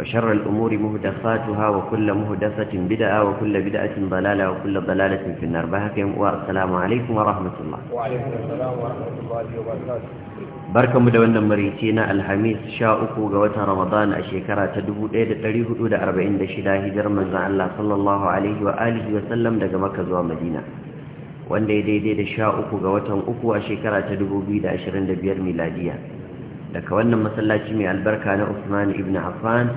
وشر الأمور مهدفاتها وكل مهدفة بدعة وكل بدعة ضلالة وكل ضلالة في النار بهكم والسلام عليكم ورحمة الله وعليكم السلام ورحمة الله وبركاته barkan mu da wannan marici na alhamis sha uku ga watan ramadan a shekara ta 1446 hijar manzan Allah sallallahu alaihi wa alihi wa sallam daga makka zuwa madina wanda ya daidai da sha uku ga watan uku a shekara ta 2025 miladiya daga wannan masallaci mai albarka na Usman ibn Affan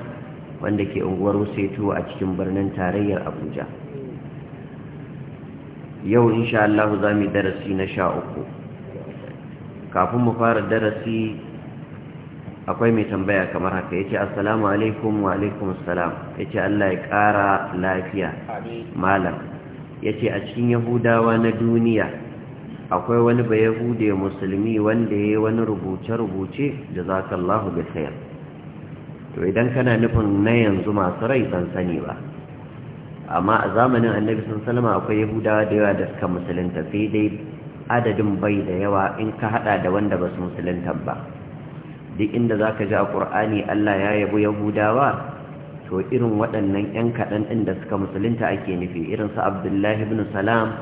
wanda ke unguwar Wuseto a cikin birnin tarayyar Abuja yau insha Allah za mu darasi na sha uku kafin mu fara darasi akwai mai tambaya kamar haka yace assalamu alaikum wa alaikum assalam yace Allah ya kara lafiya malam yace a cikin yahudawa na duniya akwai wani ba yahude musulmi wanda ya yi wani rubuce-rubuce da za ka Allah bi khair to idan kana nufin na yanzu masu rai ban sani ba amma a zamanin annabi sun salama akwai yahudawa da yawa da suka musulunta sai dai adadin bai da yawa in ka hada da wanda ba su musulunta ba duk inda za ka ji a ƙur'ani allah ya yabo yahudawa to irin waɗannan 'yan kaɗan ɗin da suka musulunta ake nufi irin su abdullahi ibn salam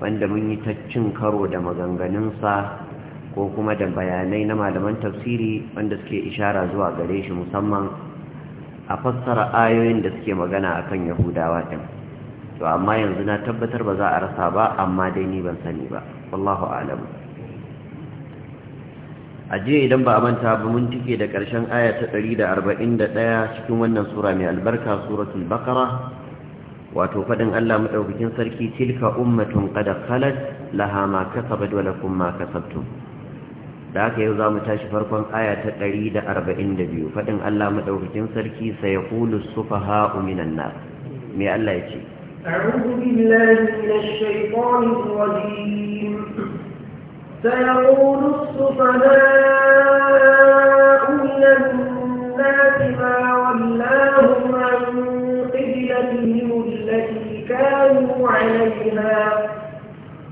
wanda mun yi ta cin karo da maganganunsa ko kuma da bayanai na malaman tafsiri wanda suke ishara zuwa gare shi musamman a fassara ayoyin da suke magana a kan yahudawa ɗin to amma yanzu na tabbatar ba za a rasa ba amma dai ni ban sani ba wallahu a'lam jiya, idan ba a manta ba mun tike da karshen aya ta ɗaya cikin wannan sura mai albarka suratul baqara wato faɗin Allah maɗaukakin sarki tilka ummatun qad khalat laha ma kasabat wa lakum ma kasabtum da haka yau za mu tashi farkon aya ta 142 faɗin Allah maɗaukakin sarki sai ya kulu sufa ha'u minan na me Allah ya ce سيقول السفهاء من الناس ما ولاهم عن قبلتهم التي كانوا عليها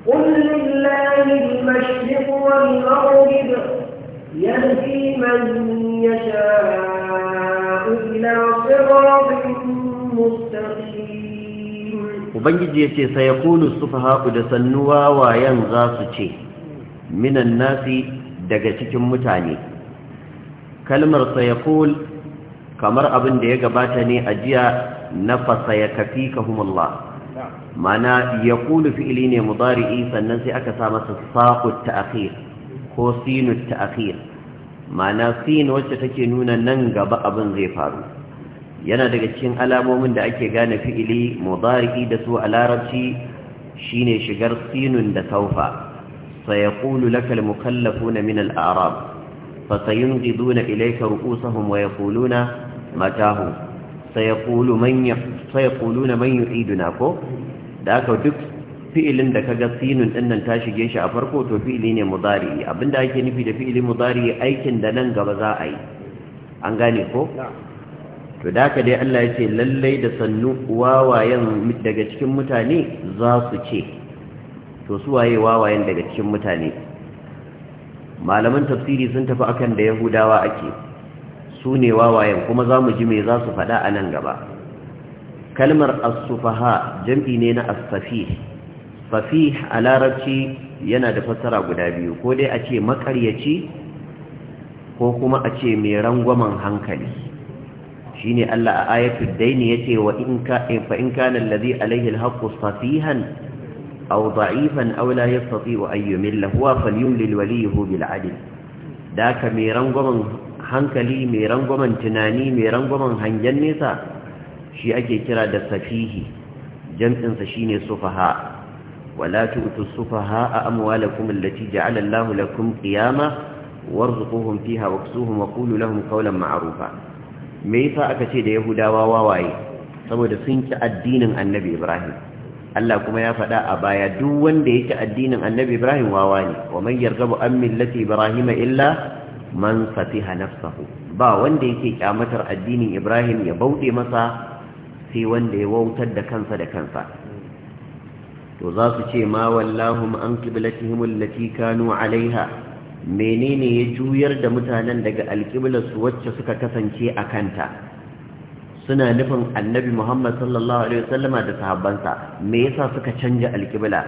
قل لله المشرق والمغرب يهدي من يشاء Ubangiji ya ce, Sai ya kunu sufa da sannuwa wayan za su ce, Minan nasi daga cikin mutane, kalmar sai ya kamar abin da ya gabata ne a jiya na fasa ya kafi kahumullah. mana ya kulu fi'ili ne mudari'i sannan sai aka sa masa saƙut ta'akhir ko sinut ta'akhir mana sin wacce take nuna nan gaba abin zai faru yana daga cikin alamomin da ake gane fi'ili mudari'i da su a larabci shine shigar sinun da saufa sayaqulu lakal mukallafuna min al-a'rab fasayunqiduna ilayka ru'usahum wa yaquluna matahu sayaqulu man sayaquluna man yu'iduna ko da aka duk fi'ilin da kaga sinun din nan ta shige shi a farko to fi'ili ne mudari abinda ake nufi da fi'ili mudari aikin da nan gaba za a yi an gane ko to da haka dai Allah ya ce lallai da sannu wawayen daga cikin mutane za su ce to su waye wawayen daga cikin mutane malaman tafsiri sun tafi akan da yahudawa ake su ne wawayen kuma za mu ji me za su faɗa a nan gaba kalmar Asufaha jam'i ne na as fafih a larabci yana da fassara guda biyu ko dai a ce makaryaci ko kuma a ce mai rangwamen hankali shine Allah a ayatul daini yace wa in ka fa in kana alladhi alayhi al-haqqu safihan aw da'ifan wa la yastati'u an yumilla huwa falyumlil waliyuhu bil 'adl daka mai rangwamen hankali mai rangwamen tunani mai rangwamen hangen nesa shi ake kira da safihi jam'insa shine sufaha wala tu'tu sufaha a amwalakum allati ja'ala Allahu lakum qiyama warzuquhum fiha waksuhum wa qulu lahum qawlan ma'rufa me yasa aka ce da yahudawa wawaye saboda sun ki addinin annabi Ibrahim Allah kuma ya faɗa a baya duk wanda yake addinin annabi Ibrahim wawa ne wa man yarghabu an millati Ibrahim illa man fatiha nafsahu ba wanda yake kyamatar addinin Ibrahim ya bauɗe masa sai wanda ya wautar da kansa da kansa to za su ce ma wallahu an qiblatihim allati kanu alaiha menene ya juyar da mutanen daga su wacce suka kasance a kanta suna nufin annabi Muhammad sallallahu alaihi wasallama da sahabbansa me yasa suka canja alqibla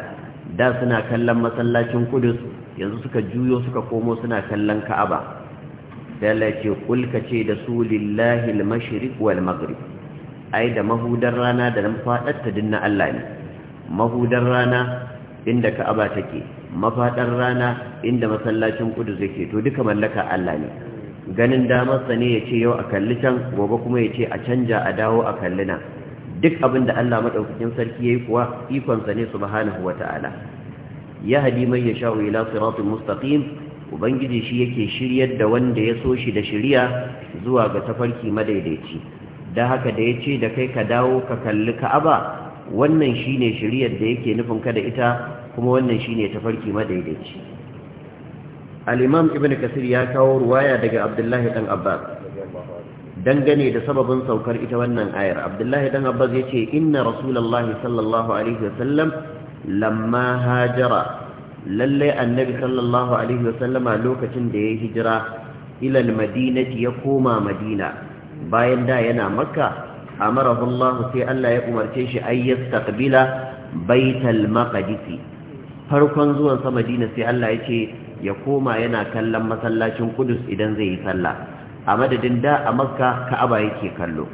da suna kallon masallacin Qudus yanzu suka juyo suka komo suna kallon Ka'aba da ce, kulka ce da su lillahi al-mashriq wal maghrib ai da mahudar rana da nan fadar ta dinna Allah ne mahudar rana inda ka'aba take mafadar rana inda masallacin Qudus yake to duka mallaka Allah ne ganin damar sa ne yace yau a kalli can gobe kuma ce a canja a dawo a kalli nan duk abin da Allah madaukakin sarki yayi kuwa ikon sa ne subhanahu wataala ya hadi man yasha ila siratin mustaqim ubangiji shi yake shiryar da wanda ya so shi da shirya zuwa ga tafarki madaidaici da haka da ya ce da kai ka dawo ka kalli ka'aba wannan shine shiryar da yake nufin ka da ita kuma wannan shine tafarki madaidaici al-imam ibn kasir ya kawo ruwaya daga abdullahi dan abbas dangane da sababin saukar ita wannan ayar abdullahi dan abbas yace inna rasulullahi sallallahu alaihi wasallam lamma hajara lallai annabi sallallahu alaihi wasallama lokacin da ya hijira ilal madinati ya koma madina bayan da yana makka amarahu Allah sai Allah ya umarce shi ay yastaqbila baital maqdis farkon zuwan sa madina sai Allah ya ce ya koma yana kallon masallacin Kudus idan zai yi sallah a madadin da a makka Ka'aba yake kallo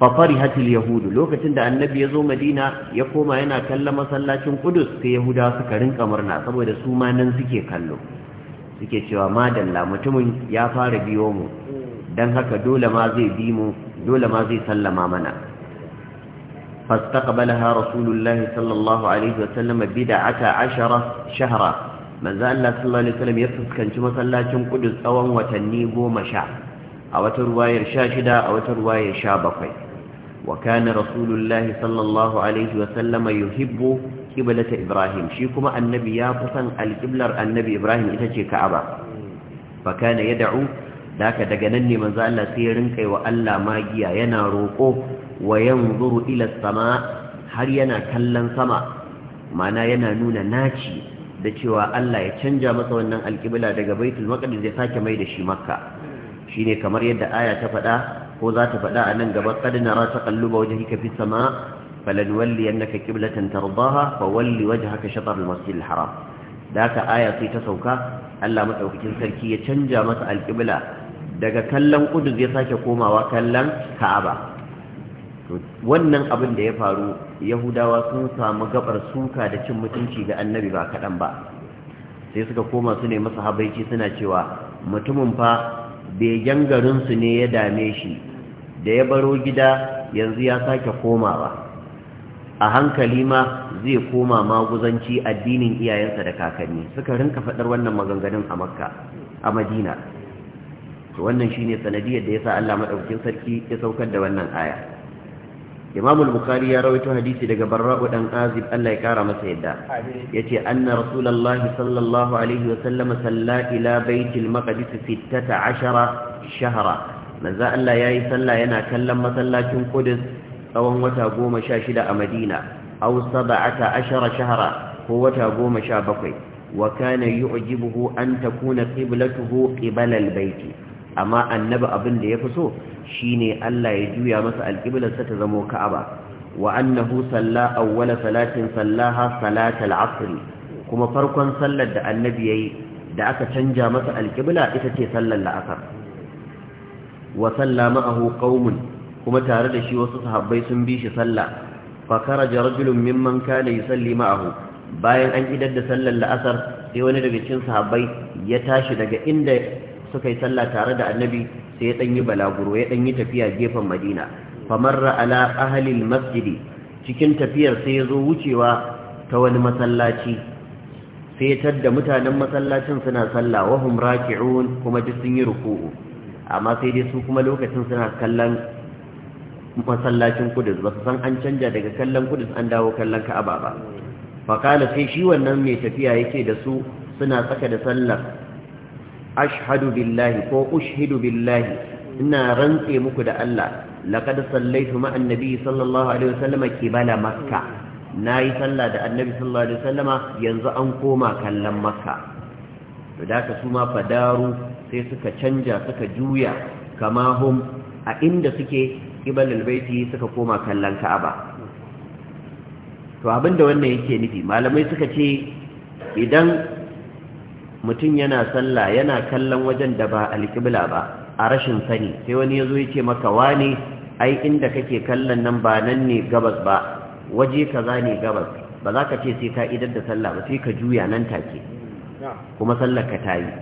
فطرحت yahudu lokacin da annabi ya zo madina ya koma yana kallon masallacin Qudus sai yahuda suka rinka murna saboda su ma nan suke kallo suke cewa madalla mutumin ya fara biyo mu dan haka dole ma zai bi mu dole ma zai sallama mana fastaqbalaha rasulullahi sallallahu alaihi wasallam bid'ata ashara shahra manzo Allah sallallahu alaihi ya fuskanci masallacin Qudus tsawon watanni 10 a wata ruwayar 16 a wata ruwayar 17 وكان رسول الله صلى الله عليه وسلم يحب قبلة إبراهيم شيكما النبي يافصا القبلة النبي إبراهيم إتشي كعبة فكان يدعو ذاك دقنني من ذا الله سيرنك وألا ماجيا يناروكو وينظر إلى السماء هل ينا كلا سماء معنى ينا نون ناشي da cewa Allah ya canja masa wannan alƙibla daga baitul maqdis ya sake mai da shi makka shine kamar yadda aya ta faɗa ko za ta faɗa a nan gaba kad nara wajen wajhika fi sama falanwalliyannaka qiblatan tardaha fawalli wajhaka waje haka masjid al-haram da ka aya sai ta sauka Allah maɗaukakin sarki ya canja masa alƙibla. daga kallon Kudu ya sake komawa kallon Ka'aba wannan abin da ya faru Yahudawa sun samu gabar suka da cin mutunci ga Annabi ba kaɗan ba sai suka koma su ne masa habaici suna cewa mutumin fa begen garinsu ne ya dame shi da ya baro gida yanzu ya sake komawa a hankali ma zai koma maguzanci addinin iyayensa da kakanni suka rinka faɗar wannan maganganun a makka a madina wannan shine sanadiyar da yasa Allah madaukakin sarki ya saukar da wannan aya imam bukhari ya rawaito hadisi daga barra'u dan azib Allah ya kara masa yadda yace anna rasulullah sallallahu alaihi wa sallam salla ila baitil maqdis 16 shahra manza Allah yayi salla yana kallon masallacin Qudus tsawon wata 16 a Madina aw 17 shahra ko wata 17 wa kana yu'jibuhu an takuna qiblatuhu qibala al-baiti amma annabi abin da ya fi so shine Allah ya juya masa alƙiblarsa ta zamo ka'aba wa annahu salla awwala salatin sallaha salatal asr kuma farkon sallar da annabi yayi da aka canja masa alƙibla ita ce sallar la'asar wa salla ma'ahu qaumun kuma tare da shi wasu sahabbai sun bi shi sallah fa kharaja rajulun mimman kana yusalli ma'ahu bayan an idar da sallar la'asar sai wani daga cikin sahabbai ya tashi daga inda suka yi sallah tare da annabi sai ya dan yi balaguro ya dan yi tafiya gefen madina famarra ala ahli Masjidi, cikin tafiyar sai ya zo wucewa ta wani masallaci sai ya tadda mutanen masallacin suna sallah wa hum raki'un kuma duk sun yi ruku'u amma sai dai su kuma lokacin suna kallon masallacin kudus ba su san an canja daga kallon kudus an dawo kallon ka'aba ba fakala sai shi wannan mai tafiya yake da su suna tsaka da sallar ashhadu billahi ko ushhidu billahi ina rantse muku da Allah laqad sallaitu ma'an nabi sallallahu alaihi wasallama kibala makka nayi sallah da annabi sallallahu alaihi wasallama yanzu an koma kallon makka to da ka su ma fadaru sai suka canja suka juya kama hum a inda suke kibalul baiti suka koma kallon ka'aba to abinda wannan yake nufi malamai suka ce idan mutum yana sallah yana kallon wajen da ba alƙibla ba a rashin sani sai wani ya zo ya ce maka wani ai inda kake kallon nan ba nan ne gabas ba waje ka za ne gabas ba za ka ce sai ka idar da sallah ba sai ka juya nan take kuma sallar ka tayi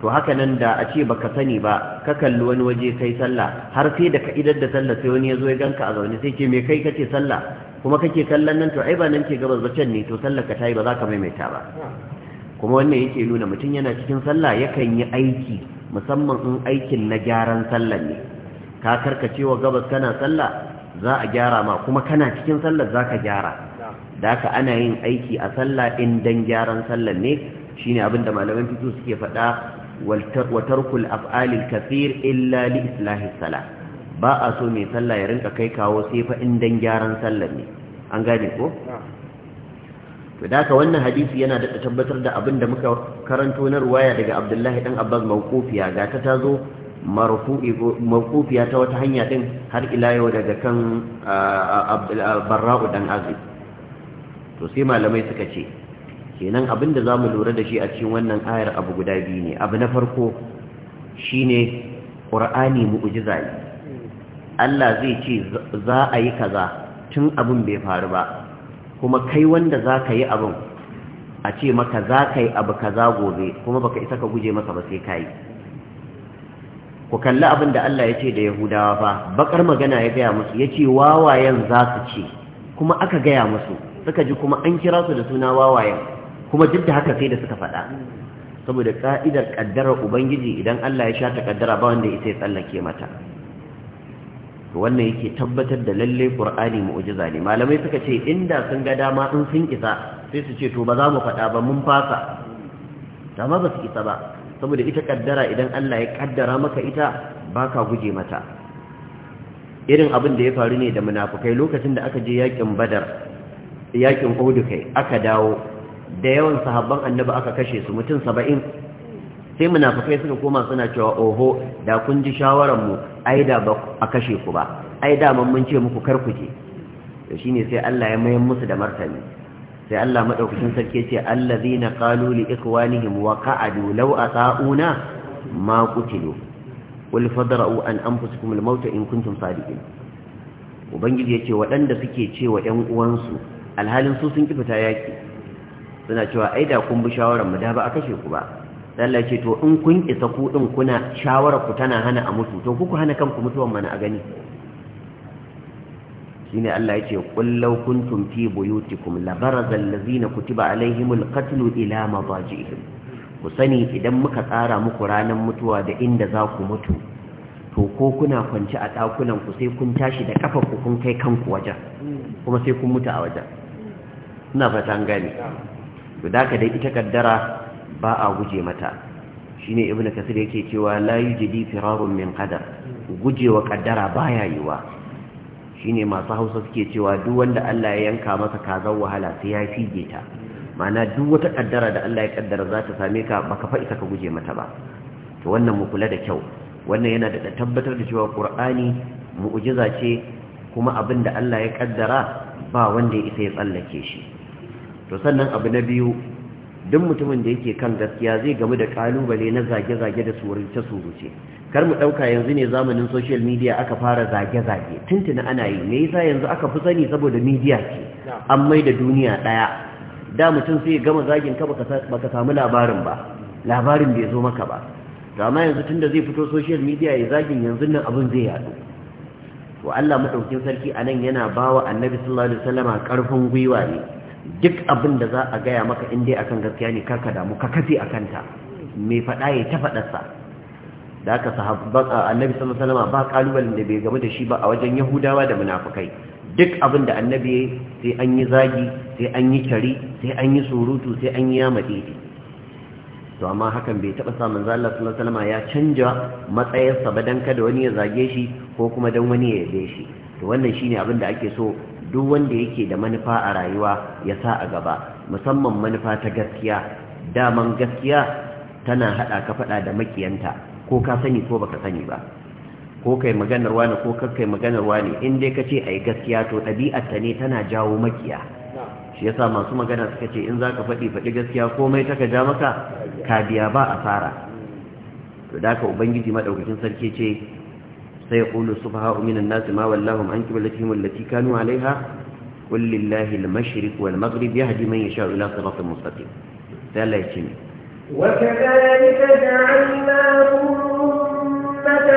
to haka nan da a ce baka sani ba ka kalli wani waje kai sallah har sai da ka idar da sallah sai wani ya zo ya ganka a zaune sai ke me kai kace sallah kuma kake kallon nan to ai ba nan ke gabas ba can ne to sallar ka tayi ba za ka maimaita ba kuma wannan yake nuna mutum yana cikin sallah yakan yi aiki musamman in aikin na gyaran sallar ne ka cewa gabas kana sallah za a gyara ma kuma kana cikin sallar za ka gyara da haka ana yin aiki a sallah in dan gyaran sallar ne shine abin da malaman fito suke faɗa wa tarkul af'alil kathir illa li islahi salah ba a so mai sallah ya rinka kai kawo sai fa in dan gyaran sallar ne an gane ko da ka wannan hadisi yana da tabbatar da abin da muka karanto na ruwaya daga abdullahi Ɗan abbas mawqufiya ga ta tazo mawqufiya ta wata hanya ɗin har ila yau daga kan barra'u dan azib to sai malamai suka ce kenan abin da zamu lura da shi a cikin wannan ayar abu guda biyu ne abu na farko shine qur'ani Mu'ujiza ne Allah zai ce za a yi kaza tun abin bai faru ba kuma kai wanda za ka yi abin a ce maka za ka yi abu kaza gobe kuma baka isa ka guje masa ba sai ka yi ku kalli abin da Allah ya ce da Yahudawa fa bakar magana ya gaya musu ya ce wawayen za su ce kuma aka gaya musu suka ji kuma an kira su da suna wawayen kuma duk da haka sai da suka faɗa saboda ka'idar ƙaddarar ubangiji idan Allah ya sha ta ƙaddara ba wanda ya sai tsallake mata wannan yake tabbatar da lalle qur'ani mu'jiza ne malamai suka ce inda sun ga dama in sun isa sai su ce to ba za mu faɗa ba mun fasa dama ba su isa ba saboda ita kaddara idan Allah ya ƙaddara maka ita baka guje mata irin abin da ya faru ne da munafukai lokacin da aka je yakin badar yakin uhud aka dawo da yawan sahabban annabi aka kashe su mutum 70 sai munafukai suka koma suna cewa oho da kun ji shawaran mu ai da ba a kashe ku ba ai da mun ce muku kar ku je to shine sai Allah ya mayar musu da martani sai Allah madaukakin sarki ce allazina qalu li ikwanihim wa qa'adu law ata'una ma qutilu qul fadra'u an anfusakum al-maut in kuntum sadiqin ubangiji yace waɗanda suke cewa ƴan uwansu alhalin su sun kifita yaki suna cewa ai da kun bi shawaran mu da ba a kashe ku ba Allah ce to in kun isa ku din kuna shawara ku tana hana a mutu to ku ku hana kanku mutuwan mana a gani shine Allah yace qul law kuntum fi buyutikum baraza allazina kutiba alaihimul qatl ila madajihim ku sani idan muka tsara muku ranan mutuwa da inda za ku mutu to ko kuna kwance a dakunan ku sai kun tashi da kafa kun kai kanku wajen kuma sai kun mutu a wajen ina fata an gani to da ka dai ita kaddara ba a guje mata shine ibnu kasir yake cewa layu jidi firarun min qadar gujewa kaddara baya yiwa ne masu Hausa suke cewa duk wanda Allah ya yanka masa kazan wahala sai ya fige ta ma'ana duk wata kaddara da Allah ya kaddara za ta same ka baka fa isa ka guje mata ba to wannan mu kula da kyau wannan yana da tabbatar da cewa Qur'ani mu'jiza ce kuma abinda Allah ya kaddara ba wanda ya isa ya tsallake shi to sannan abu na biyu duk mutumin da yake kan gaskiya zai gamu da kalubale na zage-zage da surunce suruce. kar mu ɗauka yanzu ne zamanin social media aka fara zage-zage tuntuna ana yi me yasa yanzu aka fi sani saboda media ce an mai da duniya ɗaya da mutum sai ya gama zagin ka baka samu labarin ba labarin bai zo maka ba amma yanzu tunda zai fito social media ya zagin yanzu nan abin zai yaɗu to Allah madaukin sarki anan yana bawa annabi sallallahu alaihi wasallama karfin gwiwa ne duk abin da za a gaya maka inda akan gaskiya ne karka damu ka kafi a kanta mai faɗa ya ta faɗarsa da aka a annabi sallallahu ba kalubalen da bai game da shi ba a wajen yahudawa da munafukai. duk abin da annabi sai an yi zagi sai an yi kari sai an yi surutu sai an yi yamadidi to amma hakan bai taɓa samun manzo salama ya canja matsayarsa ba don kada wani ya zage shi ko kuma dan wani ya yabe shi to wannan shine abin da ake so duk wanda yake da manufa a rayuwa ya sa a gaba musamman manufa ta gaskiya daman gaskiya tana hada ka fada da makiyanta ko ka sani ko baka sani ba ko kai maganar wani ko kai maganar wani in dai kace ce gaskiya to ɗabi'arta ne tana jawo makiya shi yasa masu magana suka ce in zaka ka faɗi faɗi gaskiya komai ta ka ja maka ka biya ba a fara mm. to da ubangiji maɗaukacin sarki ce سيقول السفهاء من الناس ما ولاهم عن قبلتهم التي كانوا عليها قل لله المشرق والمغرب يهدي من يشاء إلى صراط مستقيم لا يتم وكذلك جعلناهم أمة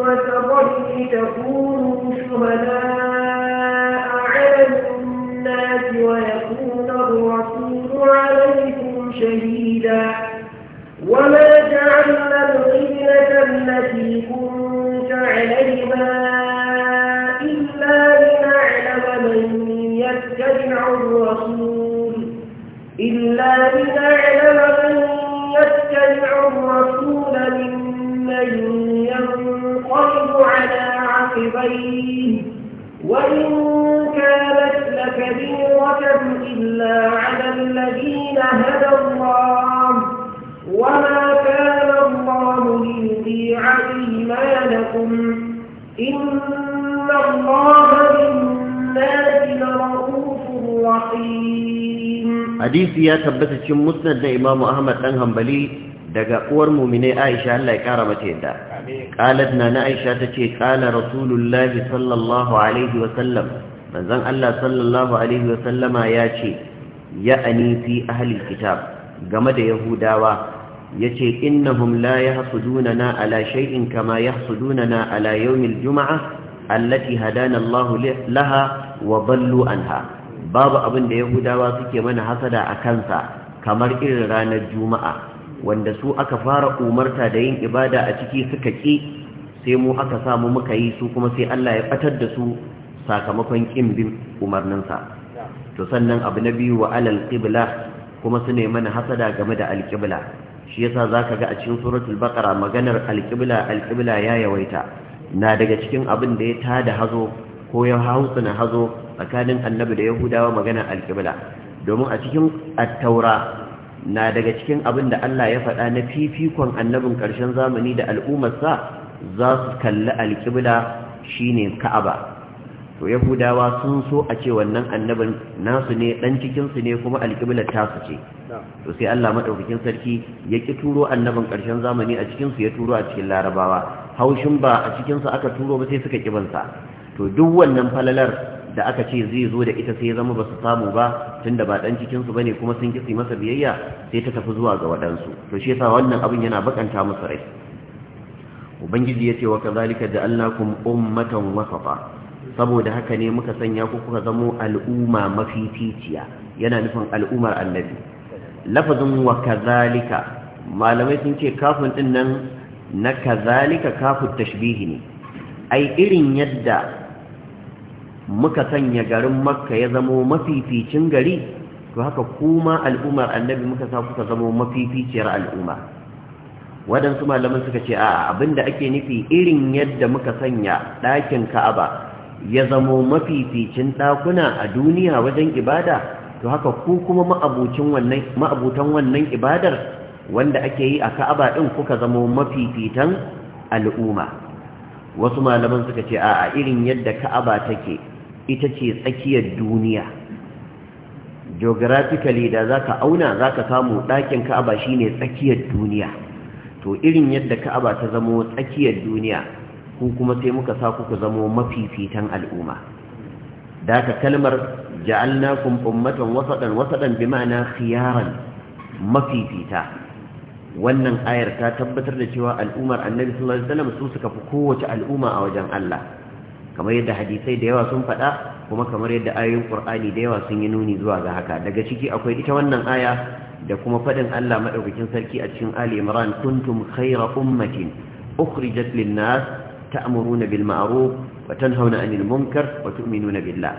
وسطا لتكونوا شهداء على الناس ويكون الرسول عليكم شهيدا وما جعلنا الغيره التي كنتم كنت إلا لنعلم من يتبع الرسول إلا لنعلم من يتبع الرسول ممن ينقلب على عقبيه وإن كانت لكبيرة إلا على الذين هدى الله وما كان الله لله يضيع إيمانكم إن الله بالناس لرؤوف رحيم حديث يا تبتت مسند إمام أحمد بن حنبلي daga uwar mumine Aisha Allah ya kara mata yadda qalat nana Aisha tace qala rasulullahi sallallahu alaihi wa sallam manzon Allah sallallahu alaihi wa sallama ya ce ya'ani fi ahli kitab game da yahudawa yace innahum la yahsudunana ala shay'in kama yahsudunana ala yaumil juma'a allati hadana Allah laha wa ballu anha babu abin da yahudawa suke mana hasada a kansa kamar irin ranar juma'a wanda su aka fara umarta da yin ibada a ciki suka ki sai mu aka samu muka yi su kuma sai Allah ya batar da su sakamakon kin bin umarninsa to sannan abu na biyu wa alal qibla kuma su ne mana hasada game da alkibla shi yasa zaka ga a cikin suratul baqara maganar alqibla alqibla ya yawaita na daga cikin abin da ya tada hazo ko ya hausuna hazo tsakanin annabi da yahudawa maganar alqibla domin a cikin at-taura na daga cikin abin da Allah ya faɗa na fifikon annabin ƙarshen zamani da al'ummarsa za su kalli alqibla shine ka'aba to yahudawa sun so a ce wannan annabin nasu ne dan cikinsu ne kuma alƙiblar tasu ce to sai Allah madaukakin sarki ya ki turo annabin ƙarshen zamani a cikinsu ya turo a cikin larabawa haushin ba a cikinsu aka turo ba sai suka kibansa to duk wannan falalar da aka ce zai zo da ita sai ya zama ba su samu ba tunda ba dan cikinsu bane kuma sun kisi masa biyayya sai ta tafi zuwa ga waɗansu to shi yasa wannan abin yana bakanta musu rai ubangiji ya ce wa kazalika ja'alnakum ummatan wasafa saboda haka ne muka sanya ku kuka zamo al'umma mafi titiya yana nufin al'ummar annabi lafazin wa kazalika malamai sun ce kafin din nan na kazalika kafin tashbihi ne ai irin yadda muka sanya garin makka ya zamo mafificin gari to haka kuma al'ummar annabi muka sa kuka zamo mafificiyar al'umma waɗansu malaman suka ce a abinda ake nufi irin yadda muka sanya ɗakin ka'aba ya zamo mafificin ɗakuna a duniya wajen ibada to haka ku kuma ma'abucin wannan ma'abutan wannan ibadar wanda ake yi a Ka'aba ɗin kuka zamo mafifitan al'umma wasu malaman suka ce a irin yadda Ka'aba take ita ce tsakiyar duniya geographically da zaka auna zaka samu ɗakin Ka'aba shine tsakiyar duniya to irin yadda Ka'aba ta zamo tsakiyar duniya ku kuma sai muka sa kuka zamo mafifitan al'umma da ka kalmar ja'alnakum ummatan wasadan wasadan bi ma'ana khiyaran mafifita wannan ayar ta tabbatar da cewa al'ummar annabi sallallahu alaihi wasallam su suka fi kowace al'umma a wajen Allah kamar yadda hadisai da yawa sun faɗa kuma kamar yadda ayoyin Qur'ani da yawa sun yi nuni zuwa ga haka daga ciki akwai ita wannan aya da kuma faɗin Allah madaukakin sarki a cikin Ali Imran kuntum khayra ummatin ukhrijat lin-nas ta'muruna bil ma'ruf wa tanhauna 'anil munkar wa tu'minuna billah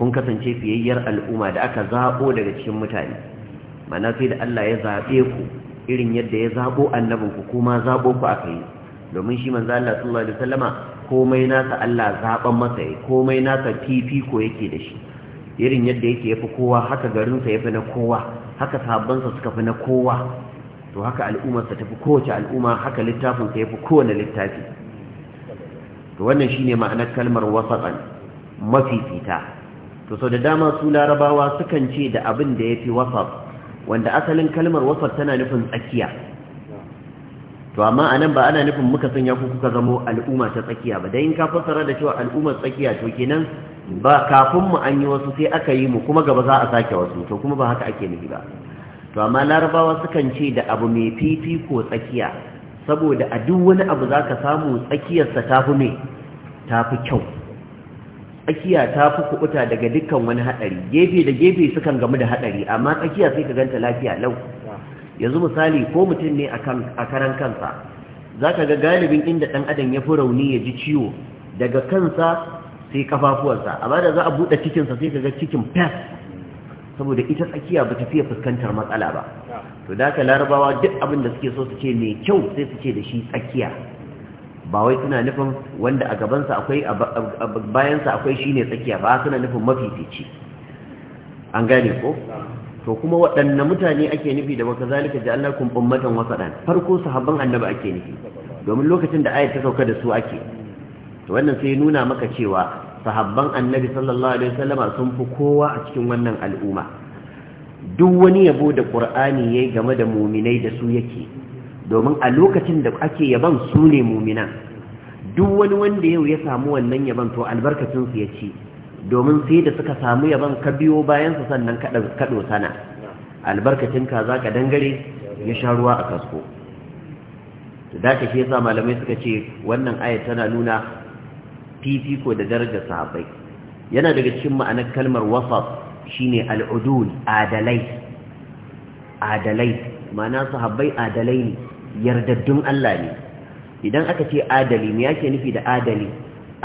kun kasance fiyayyar al'umma da aka zaɓo daga cikin mutane mana sai da Allah ya zaɓe ku irin yadda ya zabo annabin ku kuma zabo ku yi. domin shi manzo Allah sallallahu alaihi wasallama komai nasa Allah zaɓan masa komai nasa fifiko yake da shi irin yadda yake yafi kowa haka garinsa yafi na kowa haka sabansa suka fi na kowa to haka al'ummarsa tafi kowace al'umma haka littafinsa yafi kowane littafi to wannan shi ne ma'anar kalmar mafi mafifita to sau da dama su larabawa sukan ce da abin da fi Wasaf wanda asalin kalmar Wasaf tana nufin tsakiya to amma a nan ba ana nufin muka sanya ku kuka zamo al'umma ta tsakiya ba dai in ka fassara da cewa al'ummar tsakiya to kenan ba kafin mu an yi wasu sai aka yi mu kuma gaba za a sake wasu to kuma ba haka ake nufi ba to amma larabawa sukan ce da abu mai fifiko tsakiya saboda a duk wani abu za ka samu tsakiyarsa ta fi mai ta fi kyau tsakiya ta fi kubuta daga dukkan wani haɗari gefe da gefe sukan gamu da haɗari amma tsakiya sai ka ganta lafiya lau yanzu misali ko mutum ne a karan kansa za ka ga galibin inda ɗan adam ya fi rauni ya ji ciwo daga kansa sai kafafuwarsa amma da za a buɗe cikinsa sai ka ga cikin fes saboda ita tsakiya ba ta fiye fuskantar matsala ba to da ka larabawa duk abin da suke so su ce mai kyau sai su ce da shi tsakiya ba wai suna nufin wanda a gabansa akwai a bayansa akwai shi tsakiya ba suna nufin mafifici an gane ko to kuma waɗanne mutane ake nufi da waka zalika ji Allah kun ummatan wasaɗan farko sahabban annabi ake nufi domin lokacin da ayat ta sauka da su ake to wannan sai nuna maka cewa sahabban annabi sallallahu alaihi wasallama sun fi kowa a cikin wannan al'umma duk wani yabo da qur'ani yayi game da muminai da su yake domin a lokacin da ake yaban su ne muminan duk wani wanda yau ya samu wannan yaban to albarkacin su ya ci domin sai da suka samu yaban ka biyo bayan su sannan ka sana albarkacin ka za ka dangare ya sha ruwa a kasko da ta shi yasa malamai suka ce wannan ayat tana nuna fifiko da daraja sahabai, yana daga cikin ma'anar kalmar wasat shine al'udul adalai adalai ma'ana sahabbai adalai ne yardaddun Allah ne idan aka ce adali me yake nufi da adali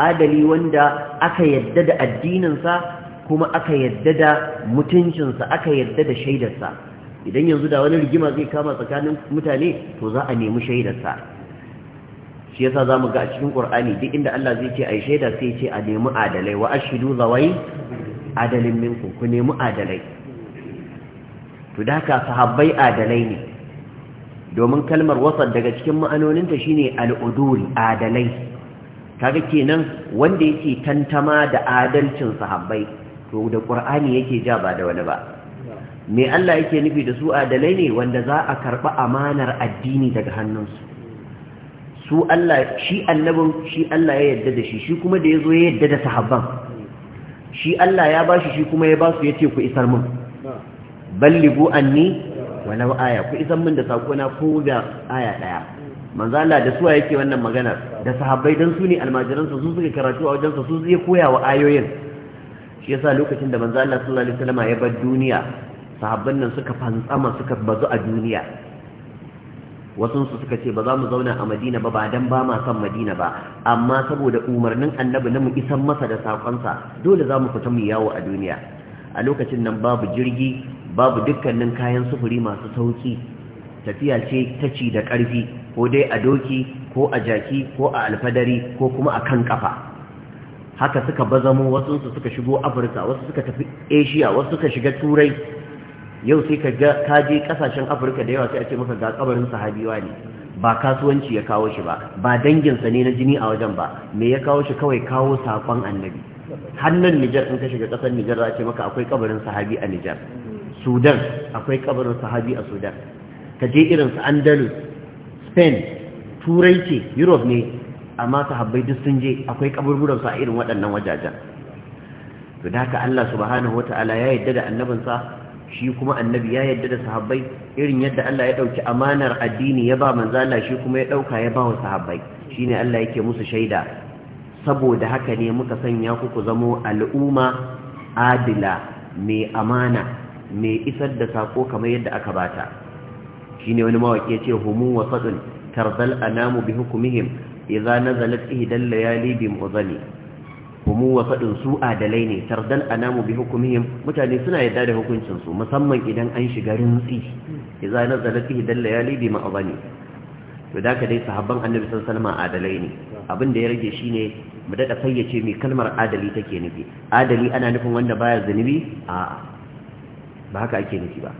adali wanda aka yadda da addininsa kuma aka yadda da mutuncinsa aka yadda da shaidarsa idan yanzu da wani rigima zai kama tsakanin mutane to za a nemi shaidarsa shi yasa mu ga a cikin Qur'ani duk inda Allah zai ce ai shaida sai ce a nemi adalai wa ashidu zawai adalin minku ku nemi adalai to da haka sahabbai adalai ne domin kalmar wasat daga cikin ma'anoninta shine al-udul adalai kaga kenan wanda yake tantama da adalcin sahabbai to da Qur'ani yake ja ba da wani ba me Allah yake nufi da su adalai ne wanda za a karɓi amanar addini daga hannunsu su Allah shi annabin shi Allah ya yadda da shi shi kuma da yazo ya yadda da sahabban shi Allah ya bashi shi kuma ya ba su yace ku isar mun ballighu anni walau aya ku isar mun da sako na ko da aya daya manzo Allah da suwa yake wannan magana da sahabbai dan su ne almajiran su su suka karatu a wajen su su zai koya wa ayoyin shi yasa lokacin da manzo Allah sallallahu alaihi wasallam ya bar duniya sahabban nan suka fantsama suka bazu a duniya wasu suka ce ba za mu zauna a madina ba ba dan ba ma san madina ba amma saboda umarnin annabi na mu isan masa da sakonsa dole za mu fita mu yawo a duniya a lokacin nan babu jirgi babu dukkanin kayan sufuri masu sauki tafiya ce ta ci da ƙarfi ko dai a doki ko a jaki ko a alfadari ko kuma a kan ƙafa. haka suka bazamo wasu suka shigo afirka wasu suka tafi asia wasu suka shiga turai yau sai ka ga ka je kasashen afirka da yawa sai ake maka ga kabarin sahabiwa ne ba kasuwanci ya kawo shi ba ba danginsa ne na jini a wajen ba me ya kawo shi kawai kawo sakon annabi Hannan nijar in ka shiga kasar nijar za ce maka akwai kabarin sahabi a nijar sudan akwai kabarin sahabi a sudan ka je irin su andalus spain turai ce europe ne amma sahabbai duk sun je akwai kaburburansu a irin waɗannan wajajen to da haka allah subhanahu wataala ya yarda da annabinsa shi kuma annabi ya yadda da sahabbai irin yadda Allah ya dauki amanar addini ya ba manzala shi kuma ya dauka ya ba wa sahabbai shine Allah yake musu shaida saboda haka ne muka sanya ku ku zamo al'umma adila mai amana mai isar da sako kamar yadda aka bata shine wani mawaki yace humu wa namu tardal anamu bi hukmihim idza nazalat ihdal layali bi muzani humu wa faɗin su adalai ne tardan anamu bi hukumihim mutane suna yadda da hukuncinsu musamman idan an shiga rintsi idza nazala fihi dal layali bi ne. to da ka dai sahabban annabi sallallahu alaihi adalai ne abin da ya rage shine mu dada fayyace mai kalmar adali take nufi adali ana nufin wanda baya zanubi a ba haka ake nufi ba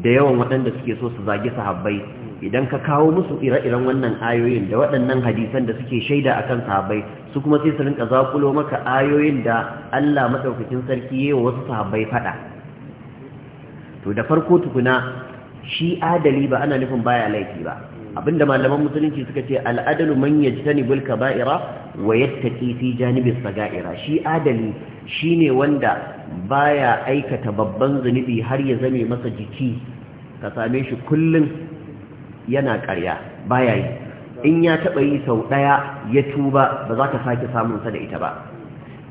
da yawan waɗanda suke so su zagi sahabbai idan ka kawo musu ire-iren wannan ayoyin da waɗannan hadisan da suke shaida a kan sahabai su kuma sai su rinka zakulo maka ayoyin da Allah maɗaukakin sarki wa wasu sahabai faɗa to da farko tukuna shi adali ba ana nufin baya laifi ba abinda malaman musulunci suka ce al'adalu man yajtanibul kaba'ira wa yattaqi fi janibis saga'ira shi adali shine wanda baya aikata babban zunubi har ya zame masa jiki ka same shi kullum yana ƙarya baya in ya taɓa yi sau ɗaya ya tuba ba za ka sake samunsa da ita ba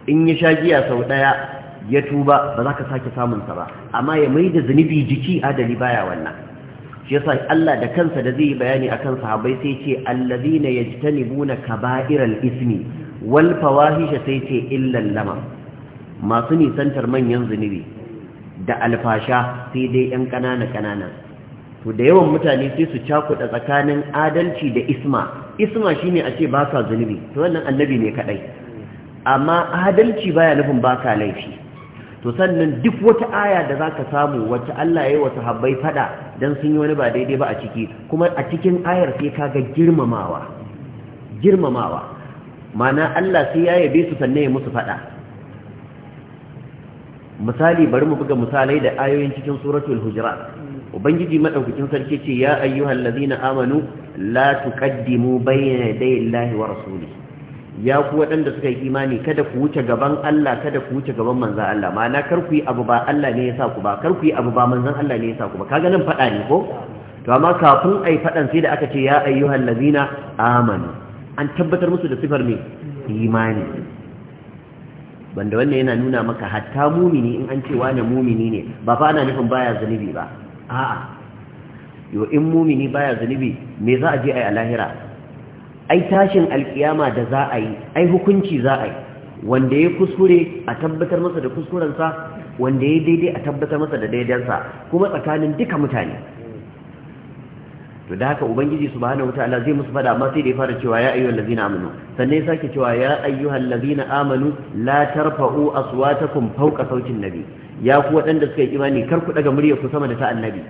in ya sha giya sau ɗaya ya tuba ba za ka sake samunsa ba amma ya mai da zunubi jiki adali baya wannan shi yasa Allah da kansa da zai bayani akan sahabbai sai ce allazina yajtanibuna kaba'iral ismi wal fawahisha sai ce illal lama masu nisantar manyan zunubi da alfasha sai dai yan ƙanana ƙananan. to da yawan mutane sai su cakuɗa tsakanin adalci da isma isma shine a ce ba zunubi to wannan annabi ne kaɗai amma adalci baya nufin baka laifi to sannan duk wata aya da za ka samu wacce Allah ya yi wasu habbai fada don sun yi wani ba daidai ba a ciki kuma a cikin ayar sai ka ga girmamawa girmamawa mana Allah sai ya yabe su sannan ya musu faɗa. misali bari mu buga misalai da ayoyin cikin suratul hujurat ubangiji madaukakin sarki ce ya ayyuhal ladina amanu la tuqaddimu bayna dayillahi wa rasuli ya ku wadanda suka yi imani kada ku wuce gaban Allah kada ku wuce gaban manzon Allah ma'ana kar ku yi abu ba Allah ne ya sa ku ba kar ku yi abu ba manzon Allah ne ya sa ku ba kaga nan faɗa ne ko to amma kafin ai faɗan sai da aka ce ya ayyuhal ladina amanu an tabbatar musu da sifar mai imani banda wannan yana nuna maka hatta mumini in an ce wane mumini ne ba fa ana nufin baya zunubi ba a'a yo in mumini baya zunubi me za a je ai a lahira ai tashin alkiyama da za a yi ai hukunci za a yi wanda ya kuskure a tabbatar masa da kuskurensa wanda ya daidai a tabbatar masa da daidansa kuma tsakanin duka mutane to da haka ubangiji subhanahu wataala zai musu fada amma sai da ya fara cewa ya ayyuhal ladina amanu sannan ya sake cewa ya ayyuhal ladina amanu la tarfa'u aswatakum fawqa sautin nabi ya ku waɗanda suka yi imani kar ku daga murya ku sama da ta annabi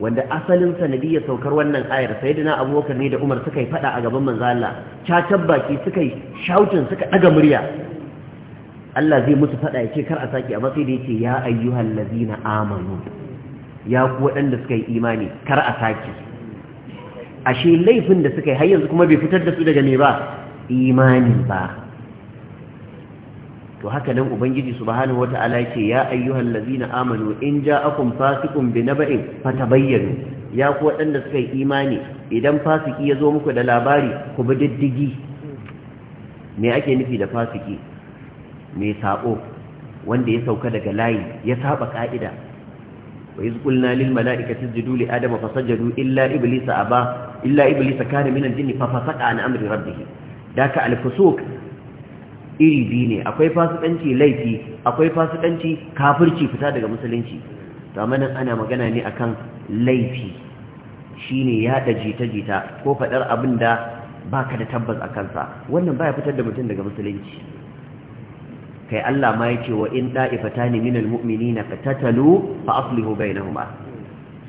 wanda asalin sanadiyya saukar wannan ayar sai na abubakar ne da umar suka yi faɗa a gaban manzo Allah cacan baki suka yi shouting suka daga murya Allah zai musu ya ce kar a saki a matsayi da yace ya ayyuhal ladina amanu ya ku waɗanda suka yi imani kar a saki ashe laifin da suka yi har yanzu kuma bai fitar da su daga me ba imani ba to haka nan ubangiji subhanahu wata'ala yake ya ayyuhal ladina amanu in ja'akum fasiqun binaba'in fatabayyanu ya ku wadanda suka yi imani idan fasiki ya zo muku da labari ku bi diddigi me ake nufi da fasiki me sako wanda ya sauka daga layi ya saba ka'ida wa iz qulna lil mala'ikati isjudu li adama fasajadu illa iblisa aba illa iblisa kana min al-jinni fa fasaqa an amri rabbih daka al-fusuq iri biyu ne akwai fasikanci laifi akwai fasikanci kafirci fita daga musulunci to ana magana ne akan laifi shine yaɗa jita-jita ko faɗar abin da baka da tabbas a kansa wannan baya fitar da mutum daga musulunci kai Allah ma ya ce wa in ne minal mu'minina qatatalu fa aslihu bainahuma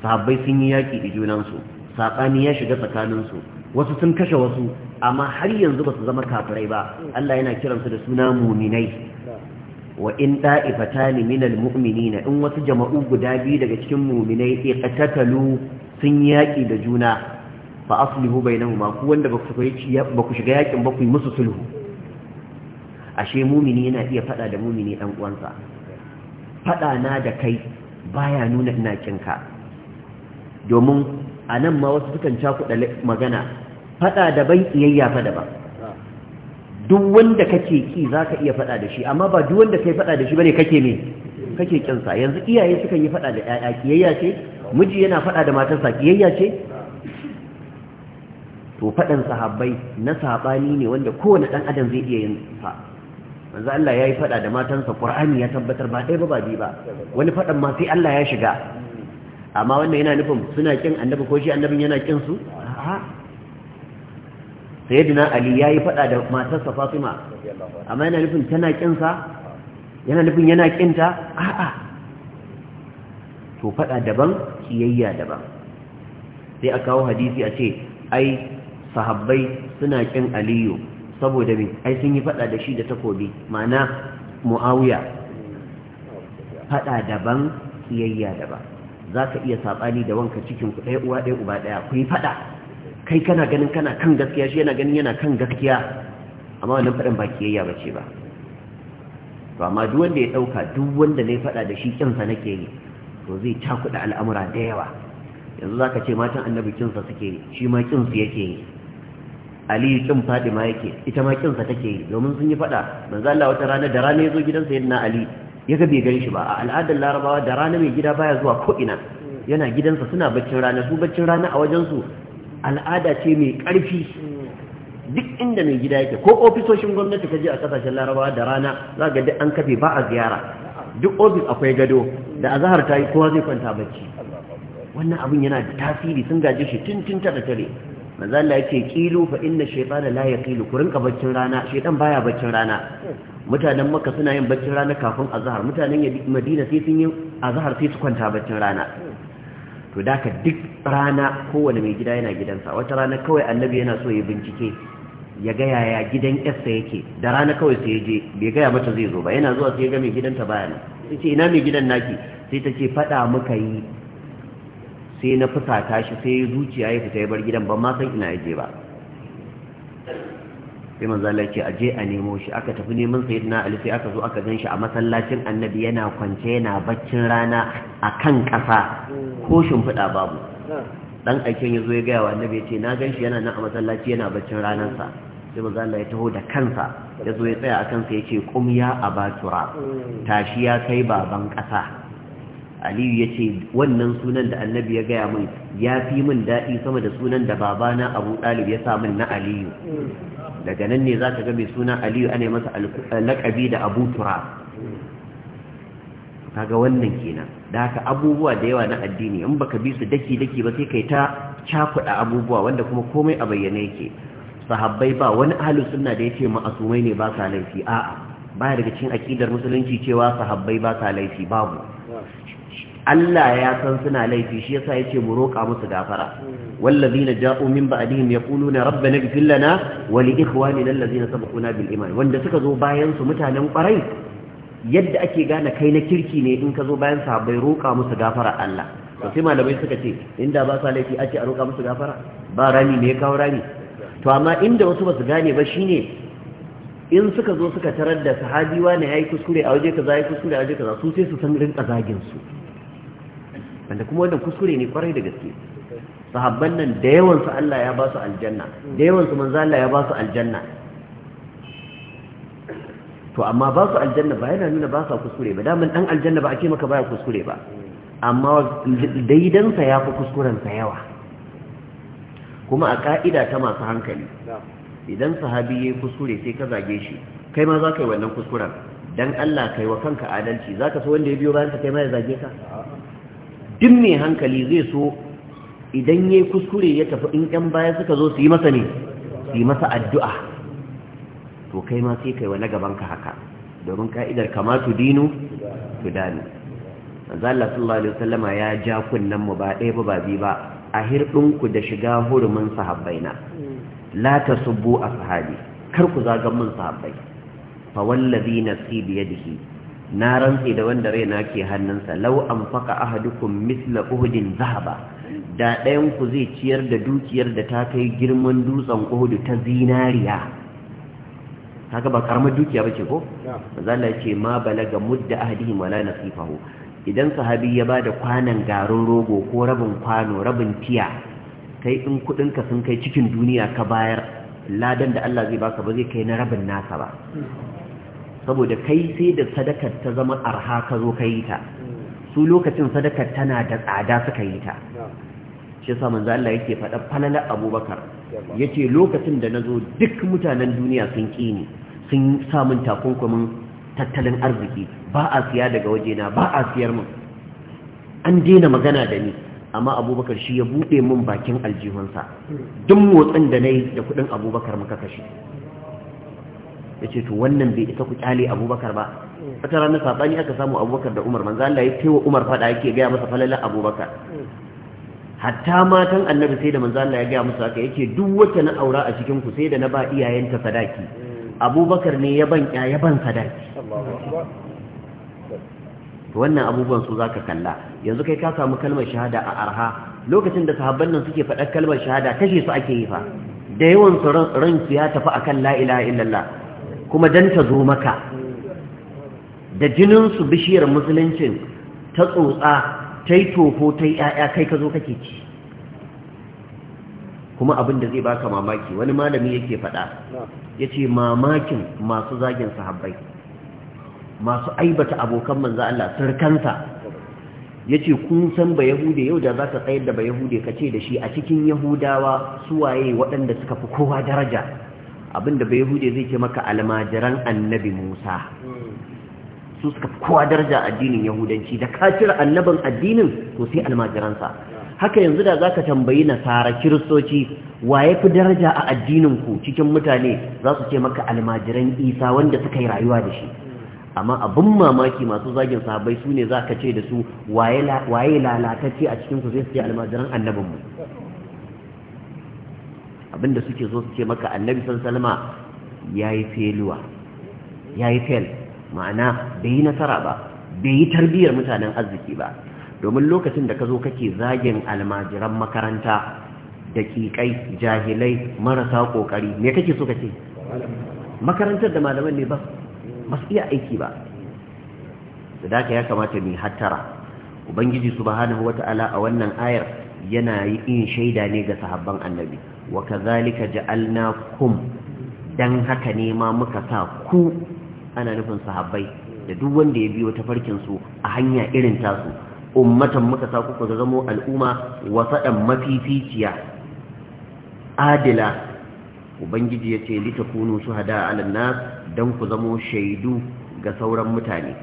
sahabbai sun yi yaki da junansu Saƙani ya shiga tsakaninsu wasu sun kashe wasu amma har yanzu ba su zama kafirai ba Allah yana kiransu da suna muminai wa in da'ifatani minal mu'minina in wasu jama'u guda biyu daga cikin muminai iqtatalu sun yaki da juna fa aslihu bainahuma ku wanda ba ku ba ku shiga yakin ba ku yi musu sulhu ashe mumini yana iya fada da mumini dan uwansa fada na da kai baya nuna ina kinka domin anan ma wasu sukan cakuɗa magana fada da kiyayya fa ba duk wanda kake ki zaka iya faɗa da shi amma ba duk wanda kai fada da shi bane kake me kake kinsa yanzu iyaye suka yi fada da ƴaƴa kiyayya ce miji yana fada da matarsa kiyayya ce to fadan sahabbai na sabani ne wanda kowane dan adam zai iya yin fa manzo Allah yayi fada da matansa Qur'ani ya tabbatar ba dai ba ba ba wani fadan ma sai Allah ya shiga amma wannan yana nufin suna kin annabi ko shi annabin yana kin su a'a sayyidina ali yayi fada da matarsa fatima amma yana nufin tana kinsa yana nufin yana kinta a'a to fada daban kiyayya daban sai a kawo hadisi a ce ai sahabbai suna kin aliyu saboda me ai sun yi fada da shi da takobi ma'ana muawiya fada daban kiyayya daban zaka iya sabani da wanka cikin ku ɗaya uwa ɗaya uba ɗaya ku fada kai kana ganin kana kan gaskiya shi yana ganin yana kan gaskiya amma wannan faɗin ba kiyayya ba ce ba to amma duk wanda ya ɗauka duk wanda na faɗa da shi kinsa nake yi to zai cakuɗa al'amura da yawa yanzu za ka ce matan annabi kinsa suke yi shi ma kinsu yake yi Ali kin fadima yake ita ma kinsa take yi domin sun yi faɗa manzo Allah wata rana da rana ya zo gidansa yana ali ya ga bai gan shi ba a al'adar larabawa da rana mai gida baya zuwa ko ina yana gidansa suna baccin rana su baccin rana a wajen su al'ada ce mai ƙarfi duk inda mai gida yake ko ofisoshin gwamnati ka je a kasashen larabawa da rana za ga duk an kafe ba a ziyara duk ofis akwai gado da azahar ta yi kowa zai kwanta bacci wannan abin yana da tasiri sun gaji shi tun tun tara tare manzo Allah yake kilu fa inna shaytana la yaqilu kurin rana shaytan baya baccin rana mutanen makka suna yin baccin rana kafin azhar mutanen madina sai sun yi azhar sai su kwanta baccin rana to da ka duk rana kowane mai gida yana gidansa wata rana kawai annabi yana so ya bincike ya ga yaya gidan yarsa yake da rana kawai sai ya je bai gaya mata zai zo ba yana zuwa sai ya ga mai gidanta baya nan sai ce ina mai gidan naki sai ta ce faɗa muka yi sai na fusata shi sai zuciya ya fita ya bar gidan ban ma san ina ya je ba sai manzo Allah yake aje a nemo shi aka tafi neman sayyidina Ali sai aka zo aka gan shi a masallacin annabi yana kwance yana baccin rana akan ƙasa, ko shimfiɗa babu dan aikin yazo ya ga wa annabi ce na gan shi yana nan a masallaci yana baccin ranar sa sai manzo Allah ya taho da kansa ya zo ya tsaya akan sa yace kum ya abatura tashi ya kai baban kasa Aliyu ya ce wannan sunan da annabi ya gaya min ya fi min daɗi sama da sunan da babana abu ɗalib ya sa min na Aliyu daga nan ne za ka ga mai suna aliyu ana masa lakabi da abu tura ga wannan kenan da haka abubuwa da yawa na addini in baka bi su daki daki ba sai kai ta cakuɗa abubuwa wanda kuma komai a bayyane yake sahabbai ba wani ahalus suna da ya ce ma'asumai ne ba sa laifi a'a baya daga cikin akidar musulunci cewa sahabbai ba sa laifi babu Allah ya san suna laifi shi yasa yake mu roƙa musu gafara wallazina ja'u min ba'dihim yaquluna rabbana ighfir lana wa li ikhwanina allazina sabaquna bil iman wanda suka zo bayan su mutanen ƙwarai yadda ake gane kai na kirki ne in ka zo bayan sahabbai roƙa musu gafara Allah to sai malamai suka ce inda ba sa laifi ake a roƙa musu gafara ba rami ne ya kawo rami to amma inda wasu basu gane ba shine in suka zo suka tarar da sahabi wani yayi kuskure a waje kaza yayi kuskure a waje kaza su sai su san rinka zagin su wanda kuma wannan kuskure ne kwarai da gaske sahabban nan da yawansu Allah ya ba su aljanna da yawansu manzo Allah ya ba su aljanna to amma ba su aljanna ba yana nuna ba su kuskure ba daman dan aljanna ba a ce maka baya kuskure ba amma sa ya fi sa yawa kuma a ka'ida ta masu hankali idan sahabi ya yi kuskure sai ka zage shi kai ma za ka yi wannan kuskuren don Allah kai wa kanka adalci za ka so wanda ya biyo bayan ka kai ma ya zage ka duk mai hankali zai so idan ya yi kuskure ya tafi in 'yan baya suka zo su yi masa ne su yi masa addu'a to kai ma sai kai wani gaban ka haka domin ka'idar kama tu dinu tu dani Allah sallallahu alaihi wasallama ya ja kunnen mu ba ɗaya ba ba bi ba a hirɗinku da shiga hurumin sahabbaina la a sahabi kar ku zagan mun sahabbai fa wallazi nafsi biyadihi na rantse da wanda raina ke hannunsa lau an faka dukun misla uhudin zahaba da ɗayan ku zai ciyar da dukiyar da ta kai girman dutsen uhudu ta zinariya kaga ba karamar dukiya ce ko mazalla ce ma ga mudda ahadihim wala idan sahabi ya ba da kwanan garin rogo ko rabin kwano rabin tiya kai in kudin ka sun kai cikin duniya ka bayar ladan da Allah zai baka ba zai kai na rabin nasa ba saboda kai sai da sadakar ta zama arha ka zo ka yi ta su lokacin sadakar tana da tsada suka yi ta shi sa manzo yake faɗa falala Abubakar yace lokacin da nazo duk mutanen duniya sun kini sun sa samun takunkumin tattalin arziki ba a siya daga na ba a siyar mun. an daina magana da ni amma Abubakar shi ya buɗe mun bakin aljihunsa duk motsin da nayi da kuɗin Abubakar muka kashe ya ce to wannan bai isa ku kyale abubakar ba wata ranar saɓani aka samu abubakar da umar manzo Allah ya tewa umar faɗa yake gaya masa falalar abubakar hatta matan annabi sai da manzo Allah ya gaya musu haka yake duk wata na aura a cikin ku sai da na ba iyayenta sadaki abubakar ne ya ban ya ban sadaki wannan abubuwan su zaka kalla yanzu kai ka samu kalmar shahada a arha lokacin da sahabban nan suke faɗar kalmar shahada kashe su ake yi fa da yawan su ran su ya tafi akan la ilaha illallah kuma dan ta zo maka da jininsu bishiyar musuluncin ta tsotsa ta yi tofo ta yi ‘ya'ya kai ka zo kake ci kuma abin da zai baka mamaki wani malami yake faɗa ya ce mamakin masu zagin sahabbai masu aibata abokan manza Allah turkansa ya ce kun san ba yahude yau da za ka tsayar da ba yahude ka ce da shi a cikin yahudawa suwaye waɗanda suka fi kowa daraja Abin da bai hude zai ce maka almajiran annabi musa su suka kowa daraja addinin yahudanci da kacir annabin addinin to sai almajiransa haka yanzu da zaka tambayi nasara kiristoci ya fi daraja a addinin ku cikin mutane za su ce maka almajiran isa wanda suka yi rayuwa da shi amma abin mamaki masu zagin sahabbai su ne za ka ce da su waye lalatacce a cikin ku zai su ce almajiran annabinmu abinda suke so su ce maka annabi salama ya yi feluwa ya yi fel ma'ana bai yi nasara ba bai yi tarbiyyar mutanen arziki ba domin lokacin da ka zo kake zagin almajiran makaranta da daƙiƙai jahilai marasa ƙoƙari me kake so kace makarantar da malaman ne ba su iya aiki ba da ya kamata mai hattara ubangiji subhanahu wata'ala a wannan ayar yana yi in shaida ne ga sahabban annabi wa kazalika ja'alnakum dan haka ne ma muka sa ku ana nufin sahabbai da duk wanda ya biyo ta farkin su a hanya irin tasu ummatan muka sa ku ku zamo al'umma wa sadan mafificiya adila ubangiji yace litakunu shuhada 'alan nas dan ku zamo shaidu ga sauran mutane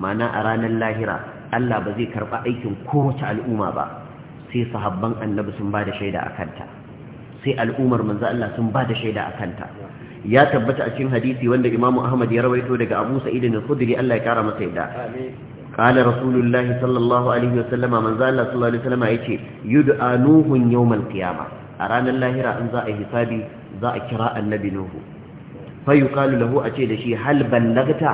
mana a ranar lahira Allah ba zai karba aikin kowace al'umma ba sai sahabban annabi sun bada shaida a kanta sai al'ummar manzo Allah sun ba da shaida akan ta ya tabbata a cikin hadisi wanda Imam Ahmad ya rawaito daga Abu Sa'id al-Khudri Allah ya kara masa yadda قال رسول الله صلى الله عليه وسلم من ذا الله صلى الله عليه وسلم يتي يدعى نوح يوم القيامة أرانا الله را أنزاء حسابي ذا كراء النبي نوح فيقال له أتي لشي هل بلغت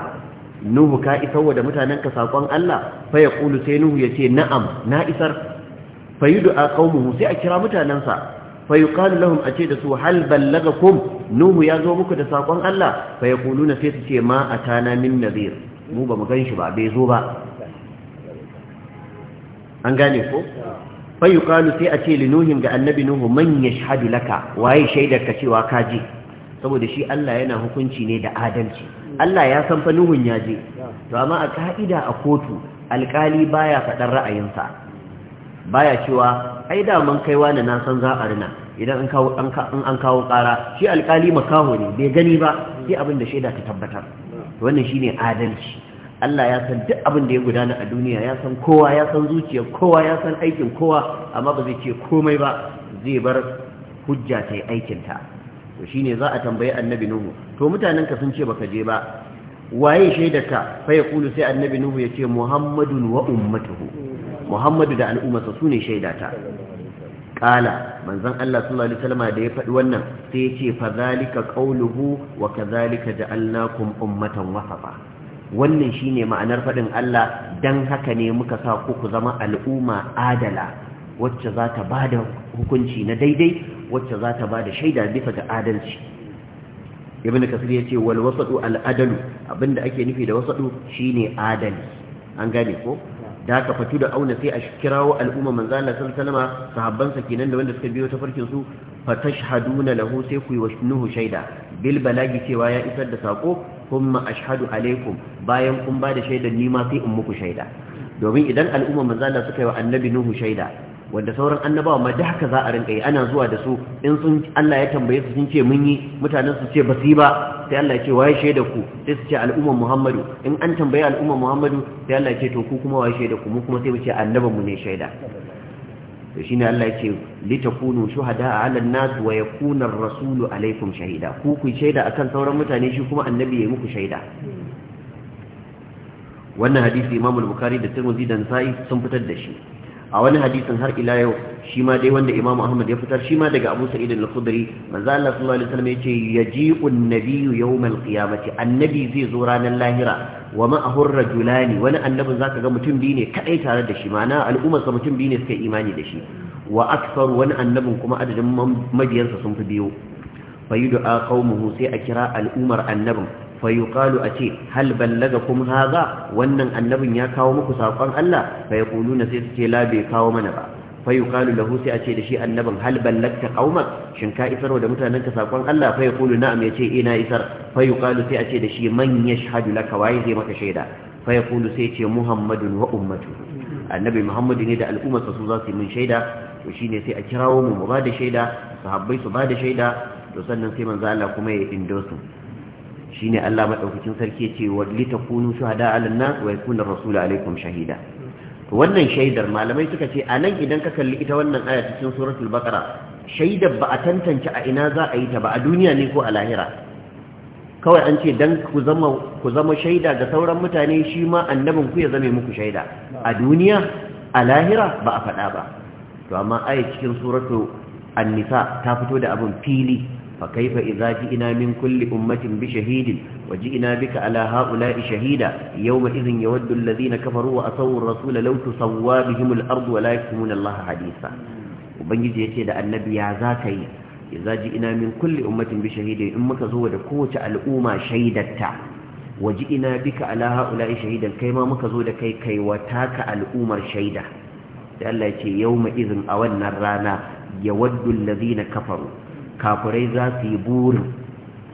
نوح كائفا ودمتانك ساقوان الله فيقول سينوه يتي نعم نائسر فيدعى قومه سيأكرا متاننسا fayyukalu lahum a ce da su halbal laga kum nuhu ya zo muku da sakon Allah Fa ya kununa sai su ce ma a tana min nazir mu bamu mu gan shi ba bai zo ba an gane sai a ce linuhin ga annabi nuhu man ya shahadu laka waye shaidar ka cewa ka je saboda shi Allah yana hukunci ne da adalci Allah ya san fa nuhun ya je to amma a ƙa'ida a kotu alƙali baya faɗan ra'ayinsa baya cewa ai da mun kaiwa na na san za a rina idan an kawo an kawo kara shi alƙali makaho ne bai gani ba sai abin da shaida ta tabbatar wannan shine adalci Allah ya san duk abin da ya gudana a duniya ya san kowa ya san zuciyar kowa ya san aikin kowa amma ba zai ce komai ba zai bar hujja ta yi aikin ta to shine za a tambayi annabi nuhu to mutanen ka sun ce baka je ba waye shaidarka fa ya kulu sai annabi nuhu ya ce muhammadun wa ummatuhu muhammadu da al'ummarsa su ne shaidata Ƙala. manzon Allah sallallahu alaihi wasallam da ya faɗi wannan sai ya ce fa zalika ƙaunuhu wa da ja'alnakum ummatan wasafa wannan shine ma'anar faɗin Allah dan haka ne muka sa ku ku zama al'umma adala wacce za ta da hukunci na daidai wacce za ta bada shaida bisa ga adalci ibn kasir ce, wal wasatu al adalu abinda ake nufi da wasatu shine adali an gane ko da aka fatu da auna sai a kirawo al'umma manzo Allah sallallahu alaihi wasallam sahabbansa kenan da wanda suka biyo ta farkin su fatashhaduna lahu sai ku yi nuhu shaida bil balagi cewa ya isar da sako kuma ashhadu alaikum bayan kun ba da shaidar ni ma sai in muku shaida domin idan al'umma manzo Allah suka yi wa annabi nuhu shaida wanda sauran annabawa ma da haka za a rinka yi ana zuwa da su in sun Allah ya tambaye su sun ce mun yi mutanen su ce ba su yi ba sai Allah ya ce waye shaida ku sai su ce al'umman Muhammadu in an tambaye al'umman Muhammadu sai Allah ya ce to ku kuma waye shaida ku mu kuma sai mu ce annaban mu ne shaida to shine Allah ya ce litakunu shuhada'a 'ala an-nas wa yakuna ar-rasulu 'alaykum shahida ku ku shaida akan sauran mutane shi kuma annabi ya yi muku shaida wannan hadisi Imam bukhari da Tirmidhi da Nasa'i sun fitar da shi a wani hadisin har ila yau shi ma dai wanda Imam Ahmad ya fitar shi ma daga Abu Sa'id al-Khudri manzo Allah sallallahu alaihi wasallam yace yaji'un nabiyyu yawmal qiyamati annabi zai zo ranar lahira wa ma'ahu rajulani wani annabin zaka ga mutum biyu ne kadai tare da shi ma'ana al'ummar sa mutum biyu ne suka imani da shi wa akthar wani annabin kuma adadin mabiyansa sun fi biyu fayud'a mu sai a kira al'umar annabin a ce, hal ballagakum haza, wannan annabin ya kawo muku sakon Allah na sai suke la bai kawo mana ba fayuqalu lahu sai ace da shi annabin hal ballagta qaumak shin ka isar da mutanen ka sakon Allah fayaqulu na'am ce ina eh, isar Fayuƙalu sai ace da shi man shahadu laka waye zai maka shaida fayaqulu sai Muhammadu muhammadun wa ummatu annabi muhammadu ne da al'ummarsa su za su yi min shaida to shine sai a kirawo mu mu ba da shaida sahabbai su ba da shaida to sannan sai manzo Allah kuma ya indosu shine Allah madaukakin sarki yace wa litakunu shuhada 'ala an-nas wa yakuna rasul shahida wannan shaidar malamai suka ce anan idan ka kalli ita wannan aya cikin suratul baqara shaidar ba a tantance a ina za a yi ta ba a duniya ne ko a lahira kawai an ce dan ku zama ku zama shaida ga sauran mutane shi ma annabin ku ya zame muku shaida a duniya a lahira ba a faɗa ba to amma aya cikin suratu an-nisa ta fito da abin fili فكيف إذا جئنا من كل أمة بشهيد وجئنا بك على هؤلاء شهيدا يومئذ يود الذين كفروا وأطوا الرسول لو تسوى بهم الأرض ولا يكتمون الله حديثا وبنجي يتي ده النبي يا ذاكي إذا جئنا من كل أمة بشهيد أمك زود قوة الأمة شهيدتا وجئنا بك على هؤلاء شهيدا كيما مكزود كي كي وتاك الأمة شهيدا ده الله يتي يومئذ أولنا الرانا يود الذين كفروا Kafurai za su yi burin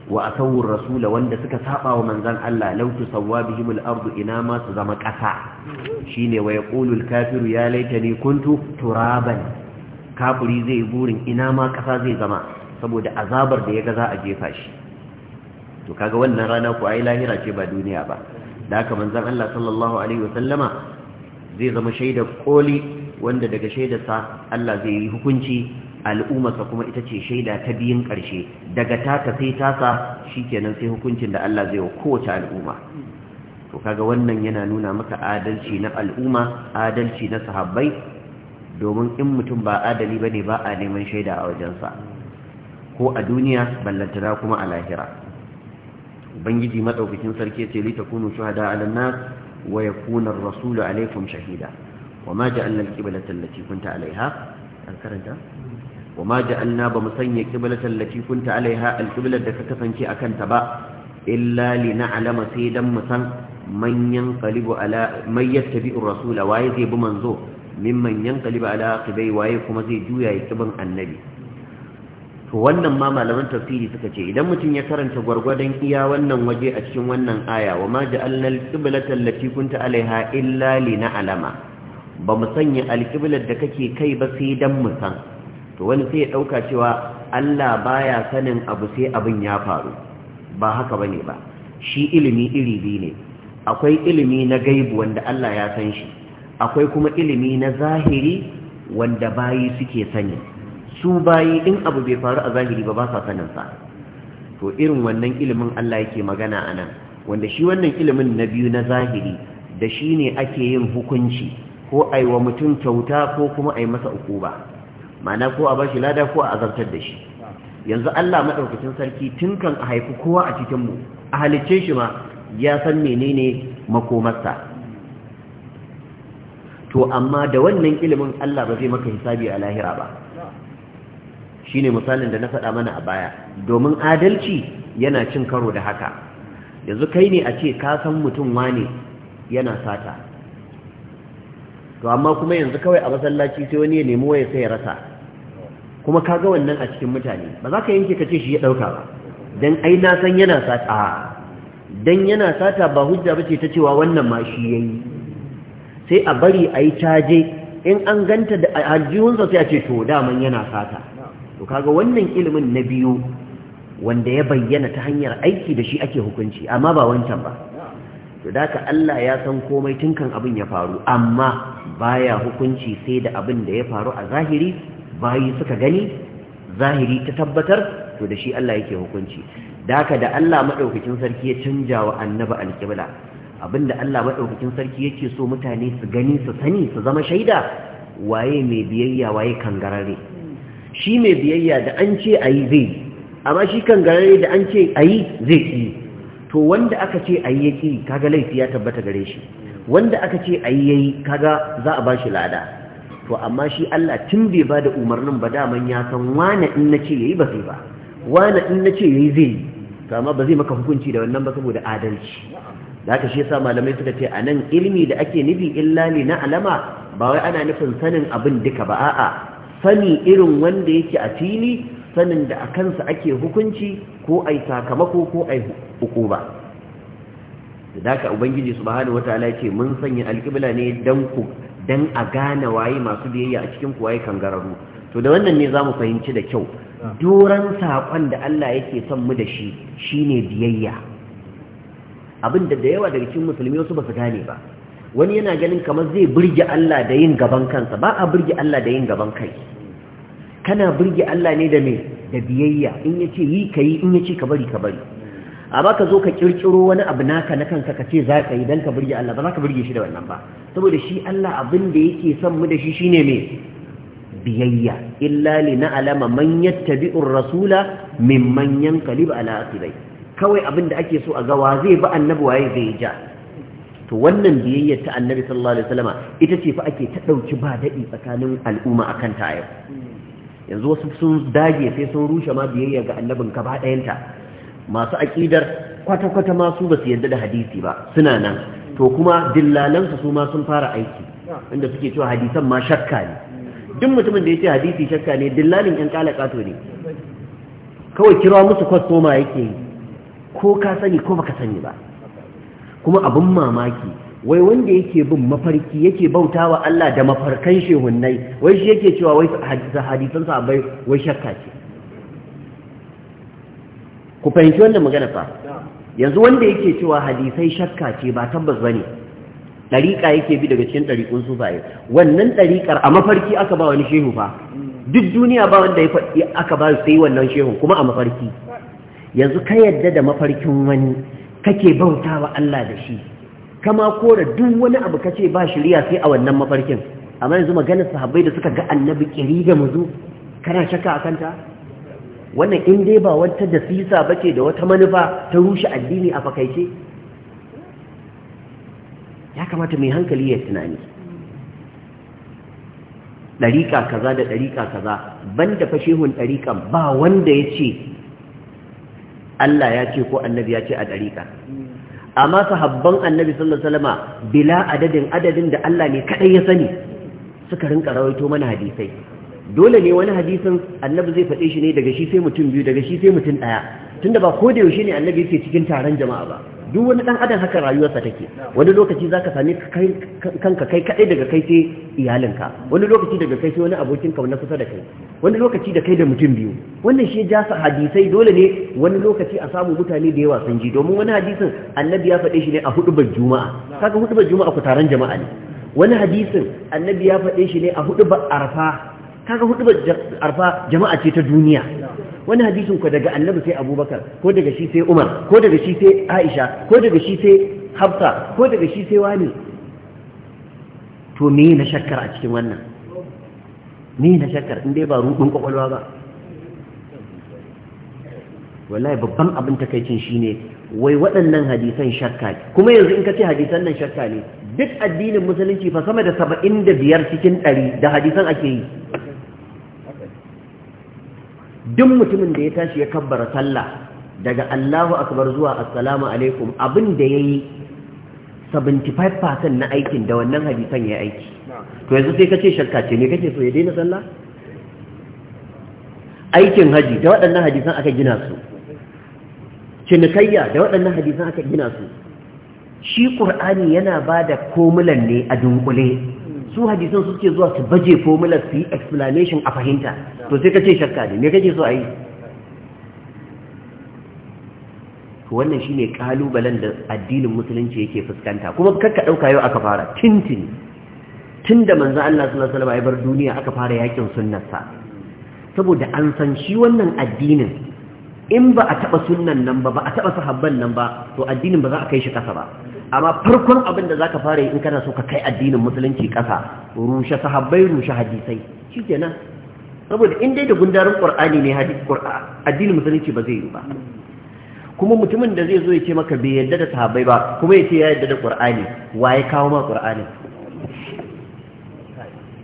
wa rasula wanda suka saba wa manzan Allah law tusawwa bihim al ina ma su zama ƙasa ne wa yaqulu al-kafiru ya ne kuntu turaban kafuri zai yi burin ina ma ƙasa zai zama saboda azabar da yaga za a jefa shi to kaga wannan rana ku ai lahira ce ba duniya ba da haka manzan Allah sallallahu alaihi sallama zai zama shaidar koli wanda daga shaidarsa Allah zai yi hukunci al'ummarsa kuma ita ce shaida ta biyun ƙarshe daga taka sai tasa shikenan sai hukuncin da Allah zai wa kowace al'umma to kaga wannan yana nuna maka adalci na al'umma adalci na sahabbai domin in mutum ba adali bane ba a neman shaida a wajensa ko a duniya ballantana kuma a lahira ubangiji madaukakin sarki ce li takunu shuhada ala nas wa yakuna ar-rasulu alaykum shahida وما جعلنا القبلة التي كنت عليها أنكرتها وما جعلنا بمسنية قبلة التي كنت عليها القبلة تكتفنشي أكنت با إلا لنعلم سيدا مسن من ينقلب على من يتبع الرسول وايزي بمنزو ممن ينقلب على قبي وايكم زي جويا يتبن To wannan ma malaman tafsiri suka ce idan mutum ya karanta gwargwadon iya wannan waje a cikin wannan aya wa ma ja'alna al-qiblata allati alaiha illa ba mu sanya alkiblar da kake kai ba sai dan mu san to wani sai ya ɗauka cewa Allah baya sanin abu sai abin ya faru ba haka bane ba shi ilimi iri biyu ne akwai ilimi na gaibu wanda Allah ya san shi akwai kuma ilimi na zahiri wanda bayi suke sani su bayi in abu bai faru a zahiri ba ba sa sanin sa to irin wannan ilimin Allah yake magana anan wanda shi wannan ilimin na biyu na zahiri da shi ne ake yin hukunci ko aiwa mutum kyauta ko kuma ai masa ukuba ma'ana ko a shi lada ko a azabtar da shi yanzu Allah madaukakin sarki tun kan a haifi kowa a cikin mu a halicce shi ma ya san menene makomarsa to amma da wannan ilimin Allah ba zai maka hisabi a lahira ba shine misalin da na faɗa mana a baya domin adalci yana cin karo da haka yanzu kai ne a ce ka san mutum wane yana sata to amma kuma yanzu kawai a masallaci sai wani ya nemi waya sai ya rasa kuma kaga wannan a cikin mutane ba za ka yanke ka ce shi ya ɗauka ba don ai na san yana sata don yana sata ba hujja ba ce ta cewa wannan ma shi ya yi sai a bari a yi caje in an ganta da aljihunsa sai a ce to daman yana sata to kaga wannan ilimin na biyu wanda ya bayyana ta hanyar aiki da shi ake hukunci amma ba wancan ba to da Allah ya san komai tun kan abin ya faru amma baya hukunci sai da abin da ya faru a zahiri bayi suka gani zahiri ta tabbatar to da shi Allah yake hukunci daka da Allah madaukakin sarki ya canja wa annabi alqibla abinda Allah madaukakin sarki yake so mutane su gani su sani su zama shaida waye mai biyayya waye kangarare shi mai biyayya da an ce ayi zai amma shi kangarare da an ce ayi zai yi to wanda aka ce ayi yake kaga laifi ya tabbata gare shi wanda aka ce a yayi kaga za a ba shi lada to amma shi Allah tun bai ba da umarnin ba daman ya san wane in na ce ya yi ba sai ba wane in na ce ya yi zai yi kama ba zai maka hukunci da wannan ba saboda adalci aka shi sa malamai suka ce a nan ilimi da ake nufi illa ne na alama ba wai ana nufin sanin abin duka ba a'a sani irin wanda yake a fili sanin da a kansa ake hukunci ko ai sakamako ko ai hukuba. da ubangiji subhanahu wataala yace mun sanya alqibla ne dan ku dan a gane waye masu biyayya a cikin ku waye kangararru to da wannan ne zamu fahimci da kyau ah. doran sakon da Allah yake son mu da shi shine biyayya Abin da da yawa daga cikin musulmi wasu su gane ba wani yana ganin kamar zai burge Allah da yin gaban kansa ba a burge Allah da yin gaban kai kana burge Allah ne da me da biyayya in yace yi kai in yace ka bari ka bari amma ka zo ka kirkiro wani abu naka na kanka ka ce za ka yi don ka burge Allah ba za ka burge shi da wannan ba saboda shi Allah abin da yake son mu da shi shine me biyayya illa li na'lama man yattabi'ur rasula mimman yanqalib ala aqibai kawai abin da ake so a gawa zai bi annabi waye zai ja to wannan biyayyar ta annabi sallallahu alaihi wasallama ita ce fa ake ta dauki ba dadi tsakanin al'umma akan ta yau yanzu wasu sun dage sai sun rushe ma biyayya ga annabin gaba dayanta. masu aƙidar kwata-kwata masu ba su yadda da hadisi ba suna nan to kuma dillalansu su ma sun fara aiki inda suke cewa hadisan ma shakka ne duk mutumin da ya ce hadisi shakka ne dillalin yan kato ne kawai kira musu kwastoma yake yi ko ka sani ko baka sani ba kuma abin mamaki wai wanda yake bin mafarki yake bautawa Allah da mafarkan shehunnai wai shi yake cewa wai hadisan bai wai shakka ce ku fahimci wannan magana fa yanzu wanda yake cewa hadisai shakka ce ba tabbas bane dariƙa yake bi daga cikin dariƙun sufaye wannan dariƙar a mafarki aka ba wani shehu fa duk duniya ba wanda ya faɗi aka ba sai wannan shehu kuma a mafarki yanzu ka yadda da mafarkin wani kake bautawa Allah da shi kama koda duk wani abu kace ba shari'a sai a wannan mafarkin amma yanzu maganar sahabbai da suka ga annabi kiri da muzu kana shakka akan ta wannan in dai ba wata da ba ce da wata manufa ta rushe addini a fakaice ya kamata mai hankali ya tunani ɗariƙa kaza da ɗariƙa kaza banda hun ɗariƙa ba wanda ya ce Allah ya ce ko annabi ya ce a ɗariƙa amma sahabban annabi sallallahu alaihi bila adadin adadin da Allah ne kadai ya sani suka rinka rawaito mana hadisai dole ne wani hadisin annabi zai faɗe shi ne daga shi sai mutum biyu daga shi sai mutum ɗaya tunda ba ko da yaushe ne annabi yake cikin taron jama'a ba duk wani ɗan adam haka rayuwarsa take wani lokaci zaka same kanka kai kaɗai daga kai sai iyalinka wani lokaci daga kai sai wani abokinka wani kusa da kai wani lokaci da kai da mutum biyu wannan shi ja sa hadisai dole ne wani lokaci a samu mutane da yawa sun ji domin wani hadisin annabi ya faɗe shi ne a huɗubar juma'a kaga huɗubar juma'a ku taron jama'a ne wani hadisin annabi ya faɗe shi ne a huɗubar arfa kaga hudubar arfa jama'a ce ta duniya wani hadisin ku daga annabi sai abubakar ko daga shi sai umar ko daga shi sai aisha ko daga shi sai hafsa ko daga shi sai wani to me na shakkar a cikin wannan me na shakkar in dai ba rubun kwakwalwa ba wallahi babban abin takaicin shine wai waɗannan hadisan shakka kuma yanzu in ka ce hadisan nan shakka ne duk addinin musulunci fa sama da saba'in da biyar cikin ɗari da hadisan ake yi duk mutumin da ya tashi ya kabbara sallah daga Allahu akbar zuwa assalamu alaikum abin da yayi 75% na aikin da wannan hadisan ya aiki to yanzu sai kace shakka ce ne kake so ya daina sallah aikin haji da waɗannan hadisan aka gina su cinikayya da waɗannan hadisan aka gina su shi qur'ani yana bada komulan ne a dunkule su hadisan suke zuwa su baje formula su yi explanation a fahimta to sai ka ce shakka ne me kake so a yi wannan shine kalubalen da addinin musulunci yake fuskanta kuma kakka ɗauka yau aka fara tintin tun da manzan Allah suna alaihi ya bar duniya aka fara yakin sunnarsa saboda an san shi wannan addinin in ba a taba sunan nan ba ba a taba sahabban nan ba to addinin ba za a kai shi kasa ba amma farkon abin da zaka fara yi in kana so ka kai addinin musulunci ƙasa rushe sahabbai rushe hadisai nan saboda in dai da gundarin qur'ani ne addinin musulunci ba zai yi ba kuma mutumin da zai zo ya ce maka bai yadda da sahabbai ba kuma ya ce ya yadda da qur'ani ya kawo ma qur'ani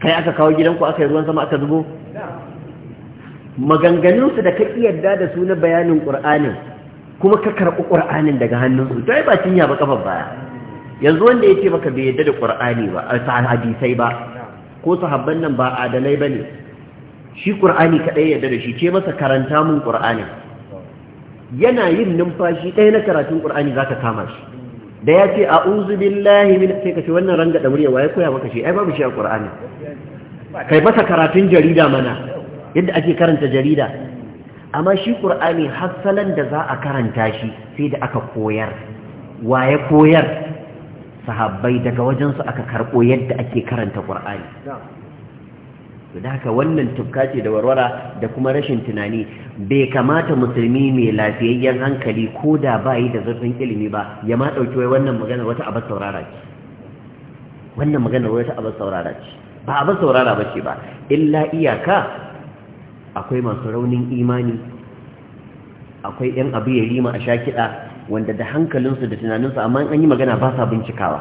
kai aka kawo gidanku aka yi ruwan sama aka zubo maganganunsu da ka yarda da su na bayanin ƙur'anin kuma ka karɓi ƙur'anin daga hannunsu to ai ba cinya ba kafar baya yanzu wanda ya ce maka bai yadda da ƙur'ani ba a hadisai ba ko sahabban nan ba adalai ba ne shi ƙur'ani kaɗai yadda da shi ce masa karanta mun ƙur'anin yana yin numfashi ɗaya na karatun ƙur'ani za ka kama shi da ya ce a'udhu billahi min sai ka ce wannan rangada da murya waye koya maka shi ai babu shi a ƙur'ani kai masa karatun jarida mana yadda ake karanta jarida amma shi ƙur'ani hassalan da za a karanta shi sai da aka koyar waye koyar sahabbai daga wajen su aka karɓo yadda ake karanta ƙur'ani da haka wannan tufka ce da warwara da kuma rashin tunani bai kamata musulmi mai lafiyayyen hankali ko da bayi da zurfin ilimi ba ya ma ɗauki wai wannan magana wata abar saurara ce wannan magana wata abar saurara ce ba abar saurara ba ce ba illa iyaka akwai masu raunin imani akwai yan abu ya rima a sha kiɗa wanda da hankalinsu da tunaninsu amma an yi magana ba sa bincikawa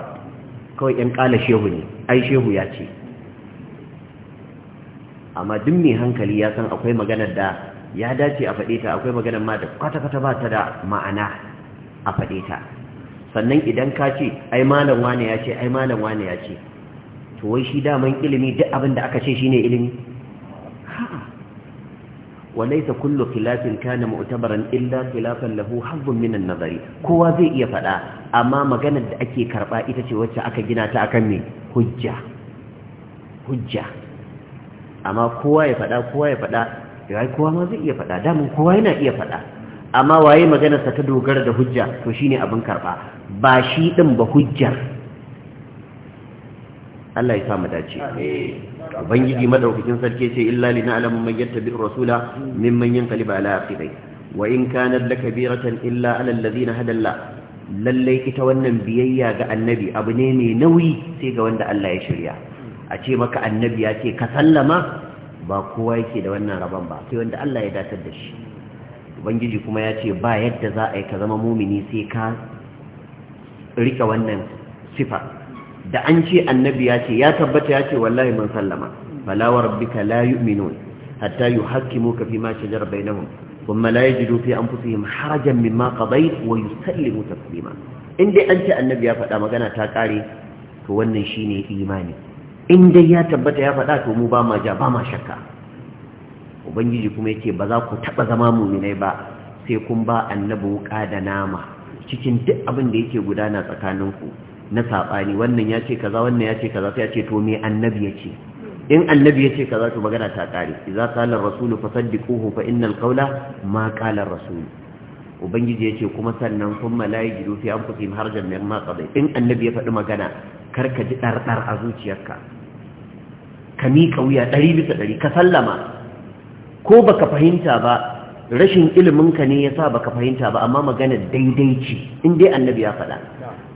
kawai yan ƙala shehu ne ai shehu ya ce amma duk mai hankali ya san akwai maganar da ya dace a faɗe ta akwai maganar ma da kwata-kwata ba ta da ma'ana a faɗe ta sannan idan ka ce ai malam wane ya ce ai malam wane ya ce to wai shi daman ilimi duk abin da aka ce shine ilimi وليس كل خلاف كان معتبرا الا خلافا له حظ من النظر كوا زي iya fada amma maganar da ake karba ita ce wacce aka gina ta akan me hujja hujja amma kowa ya fada kowa ya fada kowa ma zai iya fada kowa yana iya fada amma waye maganar sa ta dogara da hujja to shine abin karba ba shi din ba hujjar Allah ya ubangiji madaukakin sarki ce illa li na'lamu man yattabi'ur rasula mimman yanqalibu ala aqibai wa in kanat lakabiratan illa ala alladhina hadalla lallai ita wannan biyayya ga annabi abu ne mai nauyi sai ga wanda Allah ya shirya a ce maka annabi ya ce ka sallama ba kowa yake da wannan rabon ba sai wanda Allah ya datar da shi ubangiji kuma ya ce ba yadda za a yi ka zama mumini sai ka rike wannan sifa da an ce annabi ya ce ya tabbata ya ce wallahi mun sallama bala wa rabbika la yu'minun hatta yuhaqqimuka fi ma shajara bainahum thumma la yajidu fi anfusihim harajan mimma qadayt wa yusallimu taslima indai an ce annabi ya faɗa magana ta kare to wannan shine imani indai ya tabbata ya faɗa to mu ba ma ja ba ma shakka ubangiji kuma yake ba za ku taba zama muminai ba sai kun ba annabi wuka da nama cikin duk abin da yake gudana tsakaninku na saɓani wannan ya ce kaza wannan ya ce kaza sai ya ce to me annabi ya ce in annabi ya ce kaza to magana ta ƙare idza qala ar-rasulu fasaddiquhu fa innal qawla ma qala ar-rasul ubangiji ya ce kuma sannan kun malayi do fi anfusihim harjan min ma qadai in annabi ya faɗi magana kar ka ji ɗarɗar a zuciyarka ka miƙa wuya ɗari bisa ɗari ka sallama ko baka fahimta ba rashin ilimin ka ne yasa baka fahimta ba amma magana daidai ce in dai annabi ya faɗa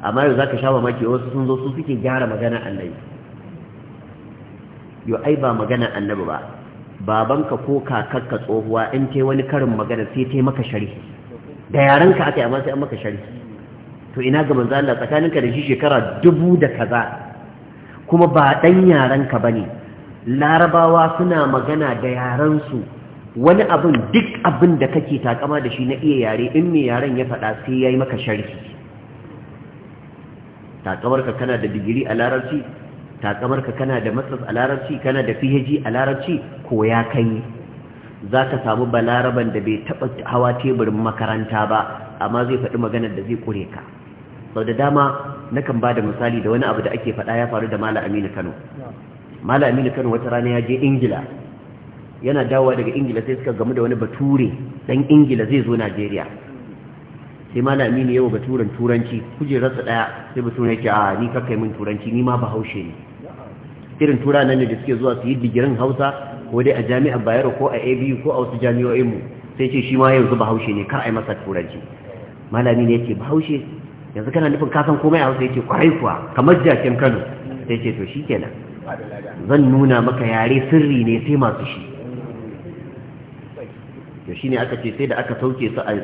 amma yau zaka sha mamaki wasu sun zo su suke gyara magana annabi yo ai ba magana annabi ba babanka ko kakarka tsohuwa in kai wani karin magana sai tai maka sharhi da yaranka aka yi amma sai an maka sharhi to ina ga manzo Allah tsakaninka da shi shekara dubu da kaza kuma ba dan yaranka bane larabawa suna magana da yaransu wani abin duk abin da kake takama da shi na iya yare in me yaren ya faɗa sai ya maka sharhi takamarka kana da digiri a larabci takamarka kana da masas a larabci kana da PhD a larabci ko ya yi za ka samu balaraban da bai taɓa hawa teburin makaranta ba amma zai faɗi maganar da zai ƙure ka sau da dama na kan ba da misali da wani abu da ake faɗa ya faru da mala aminu kano mala aminu kano wata rana ya je ingila yana dawowa daga ingila sai suka gamu da wani bature dan ingila zai zo najeriya sai malami ne ga turan turanci rasa daya sai ba baturen yake a ni kakai min turanci ni ma bahaushe ne irin tura nan da suke zuwa su yi digirin hausa ko dai a jami'ar bayero ko a abu ko a wasu jami'o'in mu sai ce shi ma yanzu bahaushe ne kar a yi masa turanci malami ne yake bahaushe yanzu kana nufin kasan komai a hausa yake kwarai kuwa kamar jakin kano sai ce to shi kenan zan nuna maka yare sirri ne sai masu shi to shine aka ce sai da aka sauke su a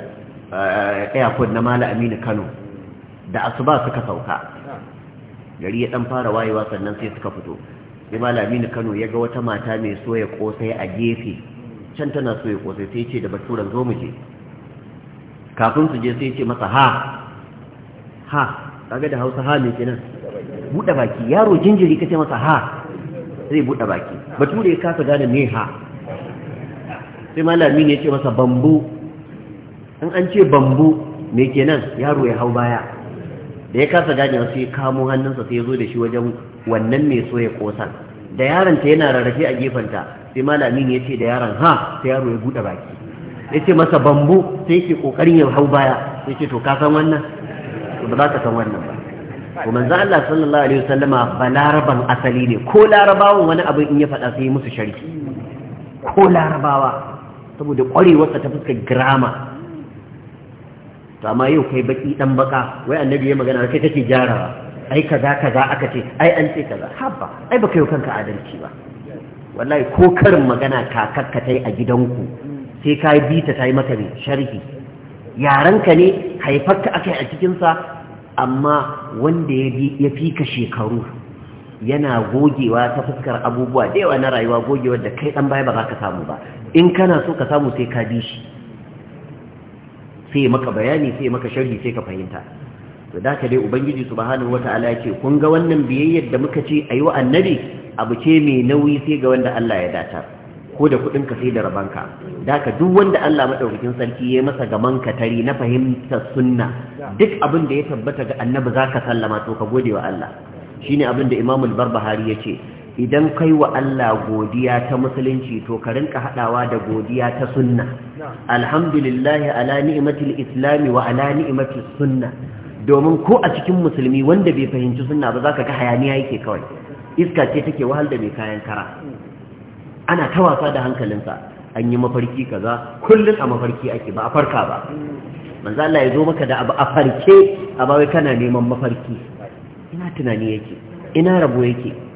Eh, airport na mala aminu kano da asuba suka sauka gari ya dan fara wayewa sannan sai suka fito sai mala aminu kano ya ga wata mata mai soya kosai a gefe can tana soya kosai sai ce da baturan zo mu je kafin su je sai ce masa ha ha kaga da hausa ha mai kenan buɗe baki yaro jinjiri kace masa ha Sai buɗe baki bature ya kasa gane me ha sai malami ne ya ce masa bambu in an ce bambu me kenan yaro ya hau baya da ya kasa wasu ya kamo hannunsa sai ya zo da shi wajen wannan mai so ya kosa da yaron ta yana rarrafe a gefenta sai malamin ya ce da yaron ha sai yaro ya bude baki ya ce masa bambu sai yake kokarin ya hau baya sai ce to ka san wannan ba za ka san wannan ba to manzo Allah sallallahu alaihi wasallama ba laraban asali ne ko larabawan wani abu in ya faɗa sai musu sharhi ko larabawa saboda ƙwarewarsa ta fuskar girama to amma yau kai baki dan baka wai annabi ya magana kai take jarawa ai kaza kaza aka ce ai an ce kaza haba ai baka yau kanka adalci ba wallahi ko karin magana kakakka tai a gidanku sai ka yi bita ta yi maka ne sharhi yaranka ne haifarka aka yi a cikinsa amma wanda ya fi ka shekaru yana gogewa ta fuskar abubuwa da yawa na rayuwa gogewar da kai dan baya ba za ka samu ba in kana so ka samu sai ka bi shi sai maka bayani sai maka sharhi sai ka fahimta to da ka dai ubangiji subhanahu wataala ya ce kun ga wannan biyayyar da muka ce ayi wa annabi abu ce mai nauyi sai ga wanda Allah ya data ko da kudin ka sai da rabanka da ka duk wanda Allah madaukakin sarki ya masa gaman ka tari na fahimtar sunna duk abin da ya tabbata ga annabi zaka sallama to ka gode wa Allah shine abin da Imam al-Barbahari ya ce idan kai wa Allah godiya ta musulunci to ka rinka hadawa da godiya ta sunna alhamdulillah ala ni'matil islam wa ala ni'matis sunna domin ko a cikin musulmi wanda bai fahimci sunna ba zaka ga hayaniya yake kawai iska ce take wahal da mai kayan kara ana ta wasa da hankalinsa an yi mafarki kaza kullun a mafarki ake ba a farka ba manzo Allah ya zo maka da abu a farke a kana neman mafarki ina tunani yake ina rabo yake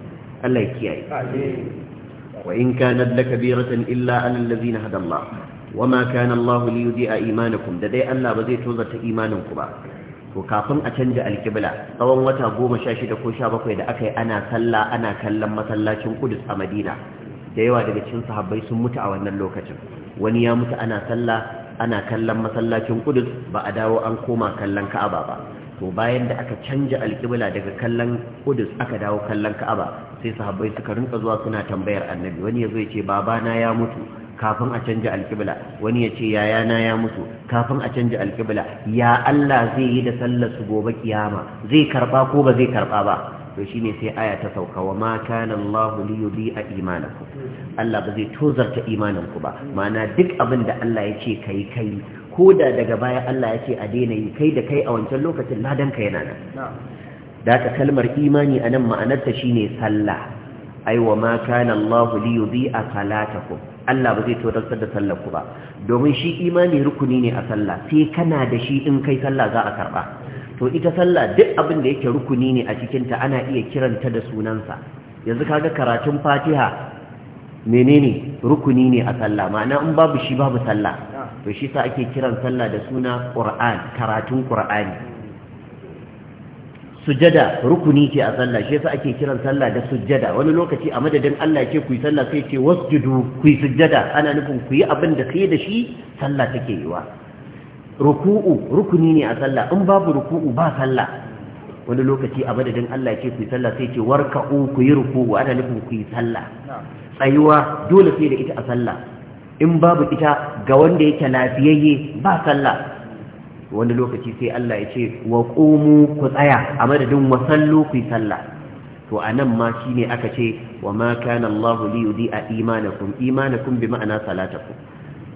Allah ya kiyaye wa in kanat lakabiratan illa alal ladina hada Allah wama kana Allah li yudi'a imanakum da dai Allah ba zai tozarta imanin ku ba to kafin a canja alkibla tsawon wata 16 ko 17 da aka yi ana sallah ana kallon masallacin Qudus a Madina da yawa daga cikin sahabbai sun mutu a wannan lokacin wani ya mutu ana sallah ana kallon masallacin Qudus ba a dawo an koma kallon Ka'aba ba to bayan da aka canja alƙibla daga kallon kudus aka dawo kallon ka'aba sai sahabbai suka rinka zuwa suna tambayar annabi wani ya zo ya ce babana ya mutu kafin a canja alƙibla wani ya ce yayana ya mutu kafin a canja alƙibla ya Allah zai yi da sallar su gobe kiyama zai karba ko ba zai karba ba to shine sai aya ta sauka wa ma kana Allah li yudi'a imanakum Allah ba zai tozarta imaninku ba ma'ana duk abin da Allah ya ce kai kai ko da daga baya Allah ya ce a daina yi kai da kai a wancan lokacin ladanka yana nan da ka kalmar imani a nan ma'anarta shi ne sallah aiwa ma kana Allah li yudhi a salatakum Allah ba zai tozartar da sallar ba domin shi imani rukuni ne a sallah sai kana da shi in kai sallah za a karba to ita sallah duk abin da yake rukuni ne a cikin ta ana iya kiranta da sunansa yanzu kaga karatun Fatiha menene rukuni ne a sallah ma'ana in babu shi babu sallah to shi sa ake kiran sallah da suna qur'an, karatun ƙur'ani sujada rukuni ce a sallah shi sa ake kiran sallah da sujada wani lokaci a madadin Allah ce ku yi sallah sai ce wasjudu ku yi sujada ana nufin ku yi abin da sai da shi sallah take yiwa ruku'u rukuni ne a sallah in babu ruku'u ba sallah wani lokaci a madadin Allah ce ku yi sallah sai ce warka'u ku yi ruku'u. ana nufin ku yi sallah tsayuwa dole sai da ita a sallah in babu ita ga wanda yake lafiyayye ba sallah wani lokaci sai Allah ya ce wa ƙomu ku tsaya a madadin wasan, ku sallah to a nan ma shi ne aka ce wa ma kana Allah li yudi imanakum imanakum bi ma'ana salatakum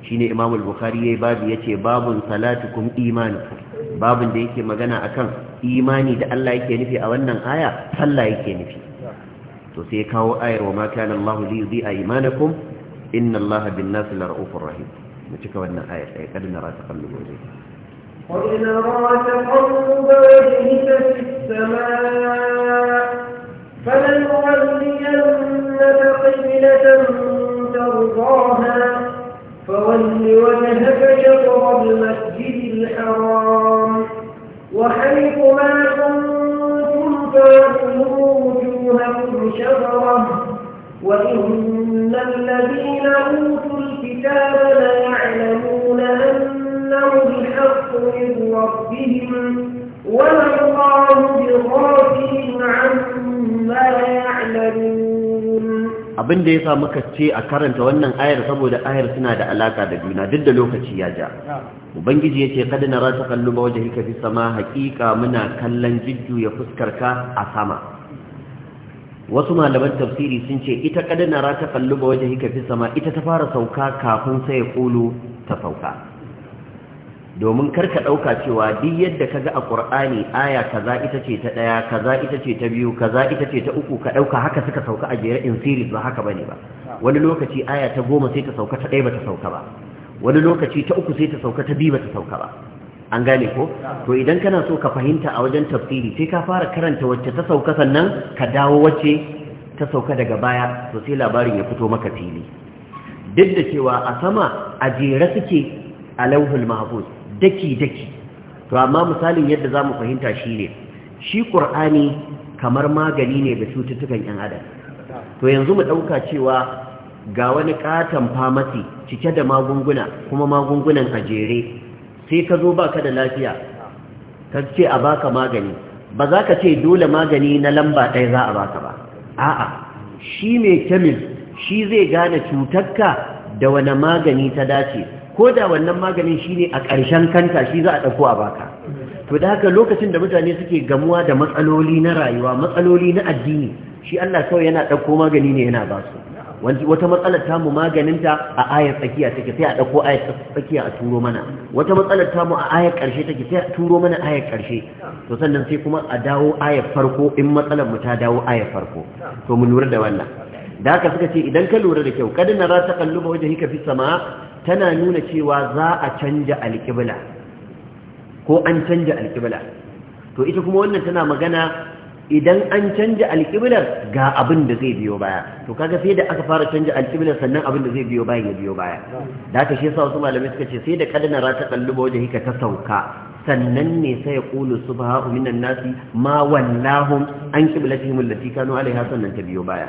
shi ne Imam al-Bukhari yayi babu yace babun salatukum imanakum babun da yake magana akan imani da Allah yake nufi a wannan aya sallah yake nufi to sai kawo ayar wa ma kana Allah li yudi imanakum إن الله بالناس لرؤوف رحيم نتكوى أن آية, آية قد نرى تقلب وجهك قد نرى تقلب وجهك في السماء فلنولينك قبلة ترضاها فول وجهك شطر المسجد الحرام وحيث ما كنتم فولوا وجوهكم شطره وإن الذين أوتوا الكتاب ليعلمون أنه الحق من ربهم abin da ya sa muka ce a karanta wannan ayar saboda ayar suna da alaka da juna duk da lokaci ya ja ubangiji ce, kada na rasa kallu ba wajhika fi sama Haƙiƙa muna kallon jijju ya a sama wasu malaman tafsiri sun ce ita kadana ra ta kalluba waje hika fi sama ita ta fara sauka kafin sai kulu ta sauka domin kar ka dauka cewa duk yadda kaga a qur'ani aya kaza ita ce ta daya kaza ita ce ta biyu kaza ita ce ta uku ka dauka haka suka sauka a jere in series ba haka bane ba wani lokaci aya ta goma sai ta sauka ta daya ba ta sauka ba wani lokaci ta uku sai ta sauka ta biyu ba ta sauka ba an gane ko to idan kana so ka fahimta a wajen tafsiri sai ka fara karanta wacce ta sauka sannan ka dawo wacce ta sauka daga baya to sai labarin ya fito maka fili duk da cewa a sama a jere suke a lauhul mahfuz daki daki to amma misalin yadda zamu fahimta shine shi qur'ani kamar magani ne ga cututtukan yan adam to yanzu mu dauka cewa ga wani katon famasi cike da magunguna kuma magungunan a jere sai ka zo baka da lafiya ka ce a baka magani ba za ka ce dole magani na lamba ɗaya za a baka ba a'a shi mai kemis shi zai gane cutarka da wani magani ta dace ko da wannan maganin shi ne a ƙarshen kanta shi za a ɗauko a baka to da haka lokacin da mutane suke gamuwa da matsaloli na rayuwa matsaloli na addini shi Allah kawai yana ɗauko magani ne yana ba su wata matsalar tamu maganinta a ayar tsakiya take sai a ɗauko ayar tsakiya a turo mana wata matsalar tamu a ayar ƙarshe take sai a turo mana ayar ƙarshe to sannan sai kuma a dawo ayar farko in matsalar mu ta dawo ayar farko to mu lura da wannan da haka suka ce idan ka lura da kyau kada kad nara wajen wajhika fi sama, tana nuna cewa za a canja alƙibla ko an canja alƙibla to ita kuma wannan tana magana idan an canja alƙiblar ga abin da zai biyo baya to kaga sai da aka fara canja alƙiblar sannan abin da zai biyo baya ya biyo baya da haka shi yasa wasu malamai suka ce sai da kadana ta kalluba waje hika ta sauka sannan ne sai ya qulu subhanahu minan nasi ma wallahum an qiblatihim allati kanu alaiha sannan ta biyo baya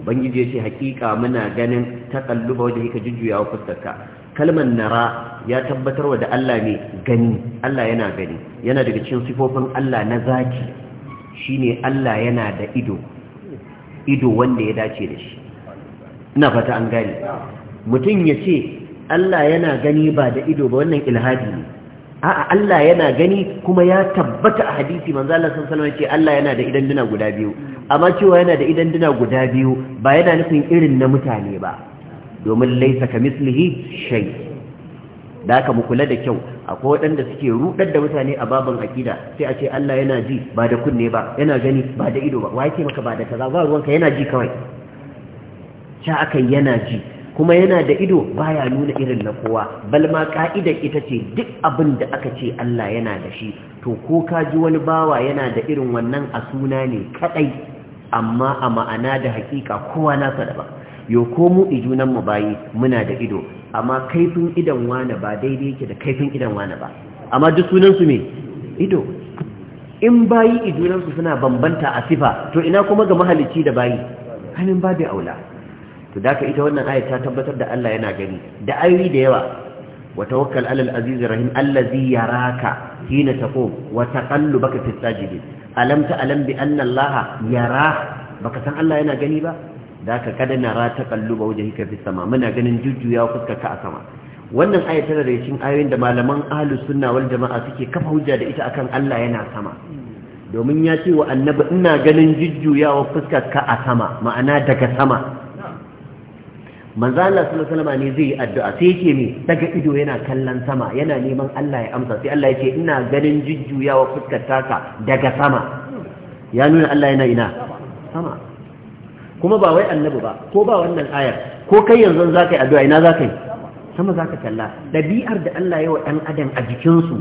ubangiji ya ce hakika muna ganin ta kalluba waje hika jujjuyawa fuskarka kalmar nara ya tabbatarwa da Allah ne gani Allah yana gani yana daga cikin sifofin Allah na zaki Shi ne Allah yana da ido ido wanda ya dace da shi ina fata an gani mutum ya ce Allah yana gani ba da ido ba wannan ilhadi ne a'a Allah yana gani kuma ya tabbata a hadisi manzo Allah sallallahu alaihi ce Allah yana da idan duna guda biyu amma cewa yana da idan duna guda biyu ba yana nufin irin na mutane ba domin laisa ka mislihi da ka mu kula da kyau akwai waɗanda suke ruɗar da mutane a baban akida sai a ce Allah yana ji ba da kunne ba yana gani ba da ido ba wa yake maka ba da kaza ba ruwanka yana ji kawai sha akan yana ji kuma yana da ido baya nuna irin na kowa bal ma ka'idar ita ce duk abin da aka ce Allah yana da shi to ko ka ji wani bawa yana da irin wannan a suna ne kadai amma a ma'ana da hakika kowa nasa daban yo ko mu ijunan mu bayi muna da ido amma kaifin idan wane ba daidai yake da kaifin idan wane ba amma duk sunansu ne ido in bayi idunansu suna bambanta a sifa to ina kuma ga mahalicci da bayi hannun babu aula to da ita wannan aya ta tabbatar da Allah yana gani da ayoyi da yawa wa tawakkal alal aziz rahim allazi yaraka hina taqum wa taqallubaka fis sajidin alam ta alam bi anna Allah yara baka san Allah yana gani ba da ka kada na rata ta kalluba wajen hika fi sama muna ganin jujjuya fuskar ka a sama wannan aya tana da cikin ayoyin da malaman ahlu sunna wal jama'a suke kafa hujja da ita akan Allah yana sama domin ya ce wa annabi ina ganin jujjuyawa fuskar ka a sama ma'ana daga sama manzo Allah sallallahu alaihi wasallam ne zai yi addu'a sai yake me daga ido yana kallon sama yana neman Allah ya amsa sai Allah ce ina ganin jujjuyawa fuskar daga sama ya nuna Allah yana ina sama kuma ba wai annabi ba ko ba wannan ayar ko kai yanzu za ka yi addu'a ina za ka yi sama za ka kalla ɗabi'ar da Allah ya wa ɗan adam a jikinsu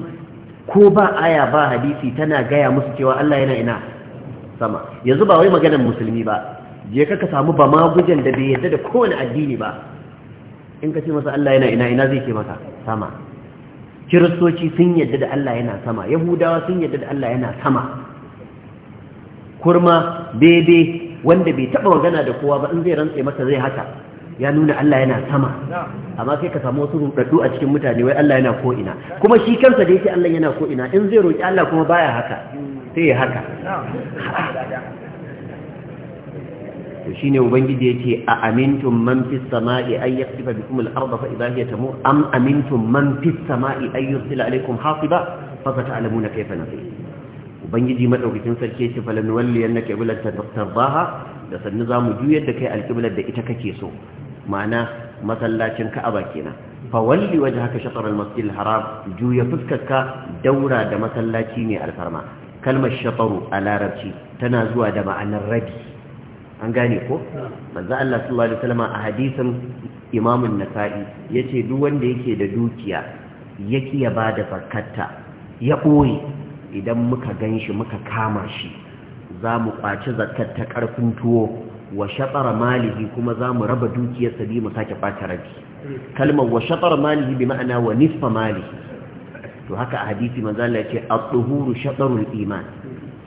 ko ba aya ba hadisi tana gaya musu cewa Allah yana ina sama yanzu ba wai maganar musulmi ba je ka ka samu ba gujen da bai yadda da kowane addini ba in ka ce masa Allah yana ina ina zai ce maka sama kiristoci sun yadda da Allah yana sama yahudawa sun yadda da Allah yana sama kurma bebe wanda bai taba magana da kowa ba in zai rantse masa zai haka ya nuna Allah yana sama amma sai ka samu wasu rudaddu a cikin mutane wai Allah yana ko ina kuma shi kansa da yake Allah yana ko ina in zai roki Allah kuma baya haka sai ya haka to shine ubangiji yake a amintum man fis samai ay yaktifa bikum al-ardha fa idha hiya tamur am amintum man fis samai ay yursila alaykum hasiba fa sata'lamuna kayfa nasir ubangiji madaukakin sarki yace falan walli annaka qiblatan tardaha da sannu zamu juyar da kai alqiblar da ita kake so ma'ana masallacin ka'aba kenan fa walli wajhaka shatr shafarar masjid al juya fuskarka daura da masallaci ne alfarma kalmar shataru a larabci tana zuwa da ma'anar rabi an gane ko manzo Allah sallallahu alaihi wasallam a hadisin Imam an-Nasa'i yace duk wanda yake da dukiya yake ya bada zakatta ya ɓoye. idan muka gan shi muka kama shi za mu ƙwaci zakat ta ƙarfin tuwo wa shatsara malihi kuma za mu raba dukiyarsa biyu mu sake ɓata rabi kalmar wa shatsara malihi bi ma'ana wa nisfa malihi to haka a hadisi manzo Allah ya ce at-tuhuru iman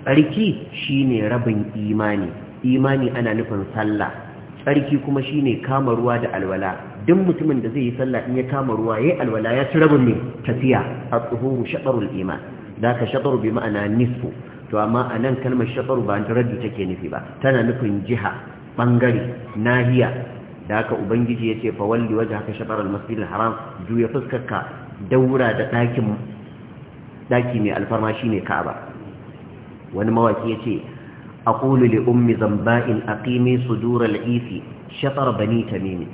tsarki shine rabin imani imani ana nufin sallah tsarki kuma shine kama ruwa da alwala duk mutumin da zai yi sallah in ya kama ruwa yayi alwala ya ci rabin ne tafiya at-tuhuru iman da ka shatar bi ma'ana nisfu to amma a nan kalmar shatar ba raddi take nufi ba tana nufin jiha bangare nahiya da haka ubangiji ya ce fawalli waje haka shatar almasjid haram juya fuskarka daura da ɗakin ɗaki mai alfarma shi ne ka'aba wani mawaki ya ce أقول لأم زنباء أقيمي صدور العيف شطر بني تميم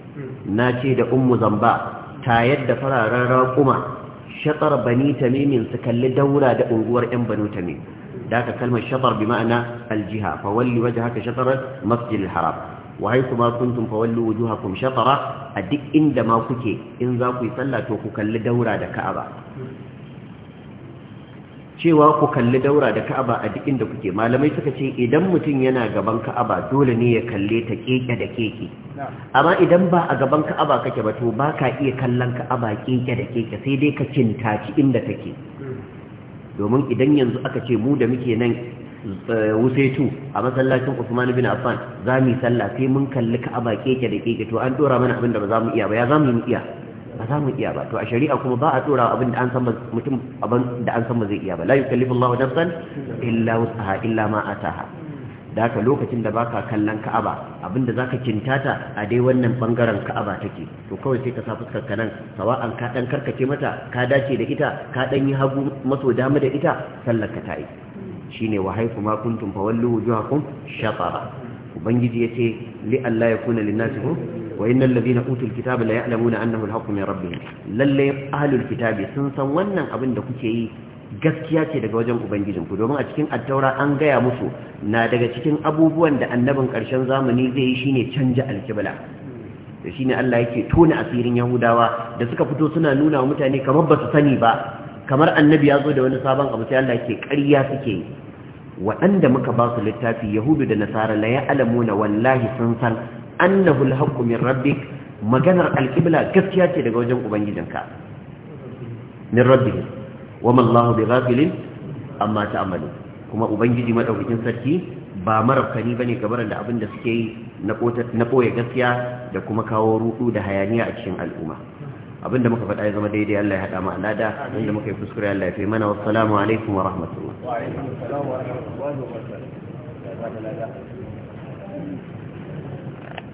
da ummu zamba زنباء تايد fararen raƙuma shatar bani tamimin su kalli daura da unguwar yan banu tamim da aka kalmar shatar bi ma'ana aljiha fa walli wajhaka shatar masjid al-haram wa kuma kuntum fa wallu wujuhakum shatara a duk inda ma kuke in za ku yi sallah to ku kalli daura da ka'aba cewa ku kalli daura da ka'aba a duk inda kuke malamai suka ce idan mutum yana gaban ka'aba dole ne ya kalle ta keke da keke amma idan ba a gaban ka'aba kake ba to ba ka iya kallon ka'aba keke da keke sai dai ka kintaci inda take domin idan yanzu aka ce mu da muke nan eh, wusaitu a masallacin Usman bin Affan za mu yi sallah sai mun kalli ka'aba keke da keke to an dora mana abin da ba za mu iya ba ya za mu iya ba za mu iya ba to a shari'a kuma ba a tsorawa abin da an san mutum abin da an san ba zai iya ba la yukallifu Allahu nafsan illa wusaha illa ma ataha da ka lokacin da baka kallon Ka'aba abin da zaka kintata a dai wannan bangaren Ka'aba take to kawai sai ka sa fuskar ka nan sawa'an ka dan karkace mata ka dace da ita ka dan yi hagu maso dama da ita sallar ka tayi shine wa haifu ma kuntum fawallu wujuhakum shatara ubangiji yace li allah yakuna lin-nasi وإن الذين أوتوا الكتاب لا يعلمون أنه الحق من ربهم للي أهل الكتاب abin da أبن دكتي gaskiya ce daga wajen ubangijinku domin a cikin attaura an gaya musu na daga cikin abubuwan da annabin ƙarshen zamani zai yi shine canja alkibla da shine Allah yake tona asirin Yahudawa da suka fito suna nuna wa mutane kamar ba su sani ba kamar annabi ya zo da wani sabon abu sai Allah yake ƙarya suke waɗanda muka ba su littafi Yahudu da Nasara la ya'lamuna wallahi sun san annahu alhaqqu min rabbik maganar alqibla gaskiya ce daga wajen ubangijinka min rabbih wa ma bighafilin amma ta'malu kuma ubangiji madaukakin sarki ba marafkani bane gabaran da abin da suke yi na koya gaskiya da kuma kawo rudu da hayaniya a cikin al'umma abinda muka faɗa ya zama daidai Allah ya haɗa mu alada abinda muka yi fuskure, Allah ya fi mana wassalamu alaikum wa rahmatullah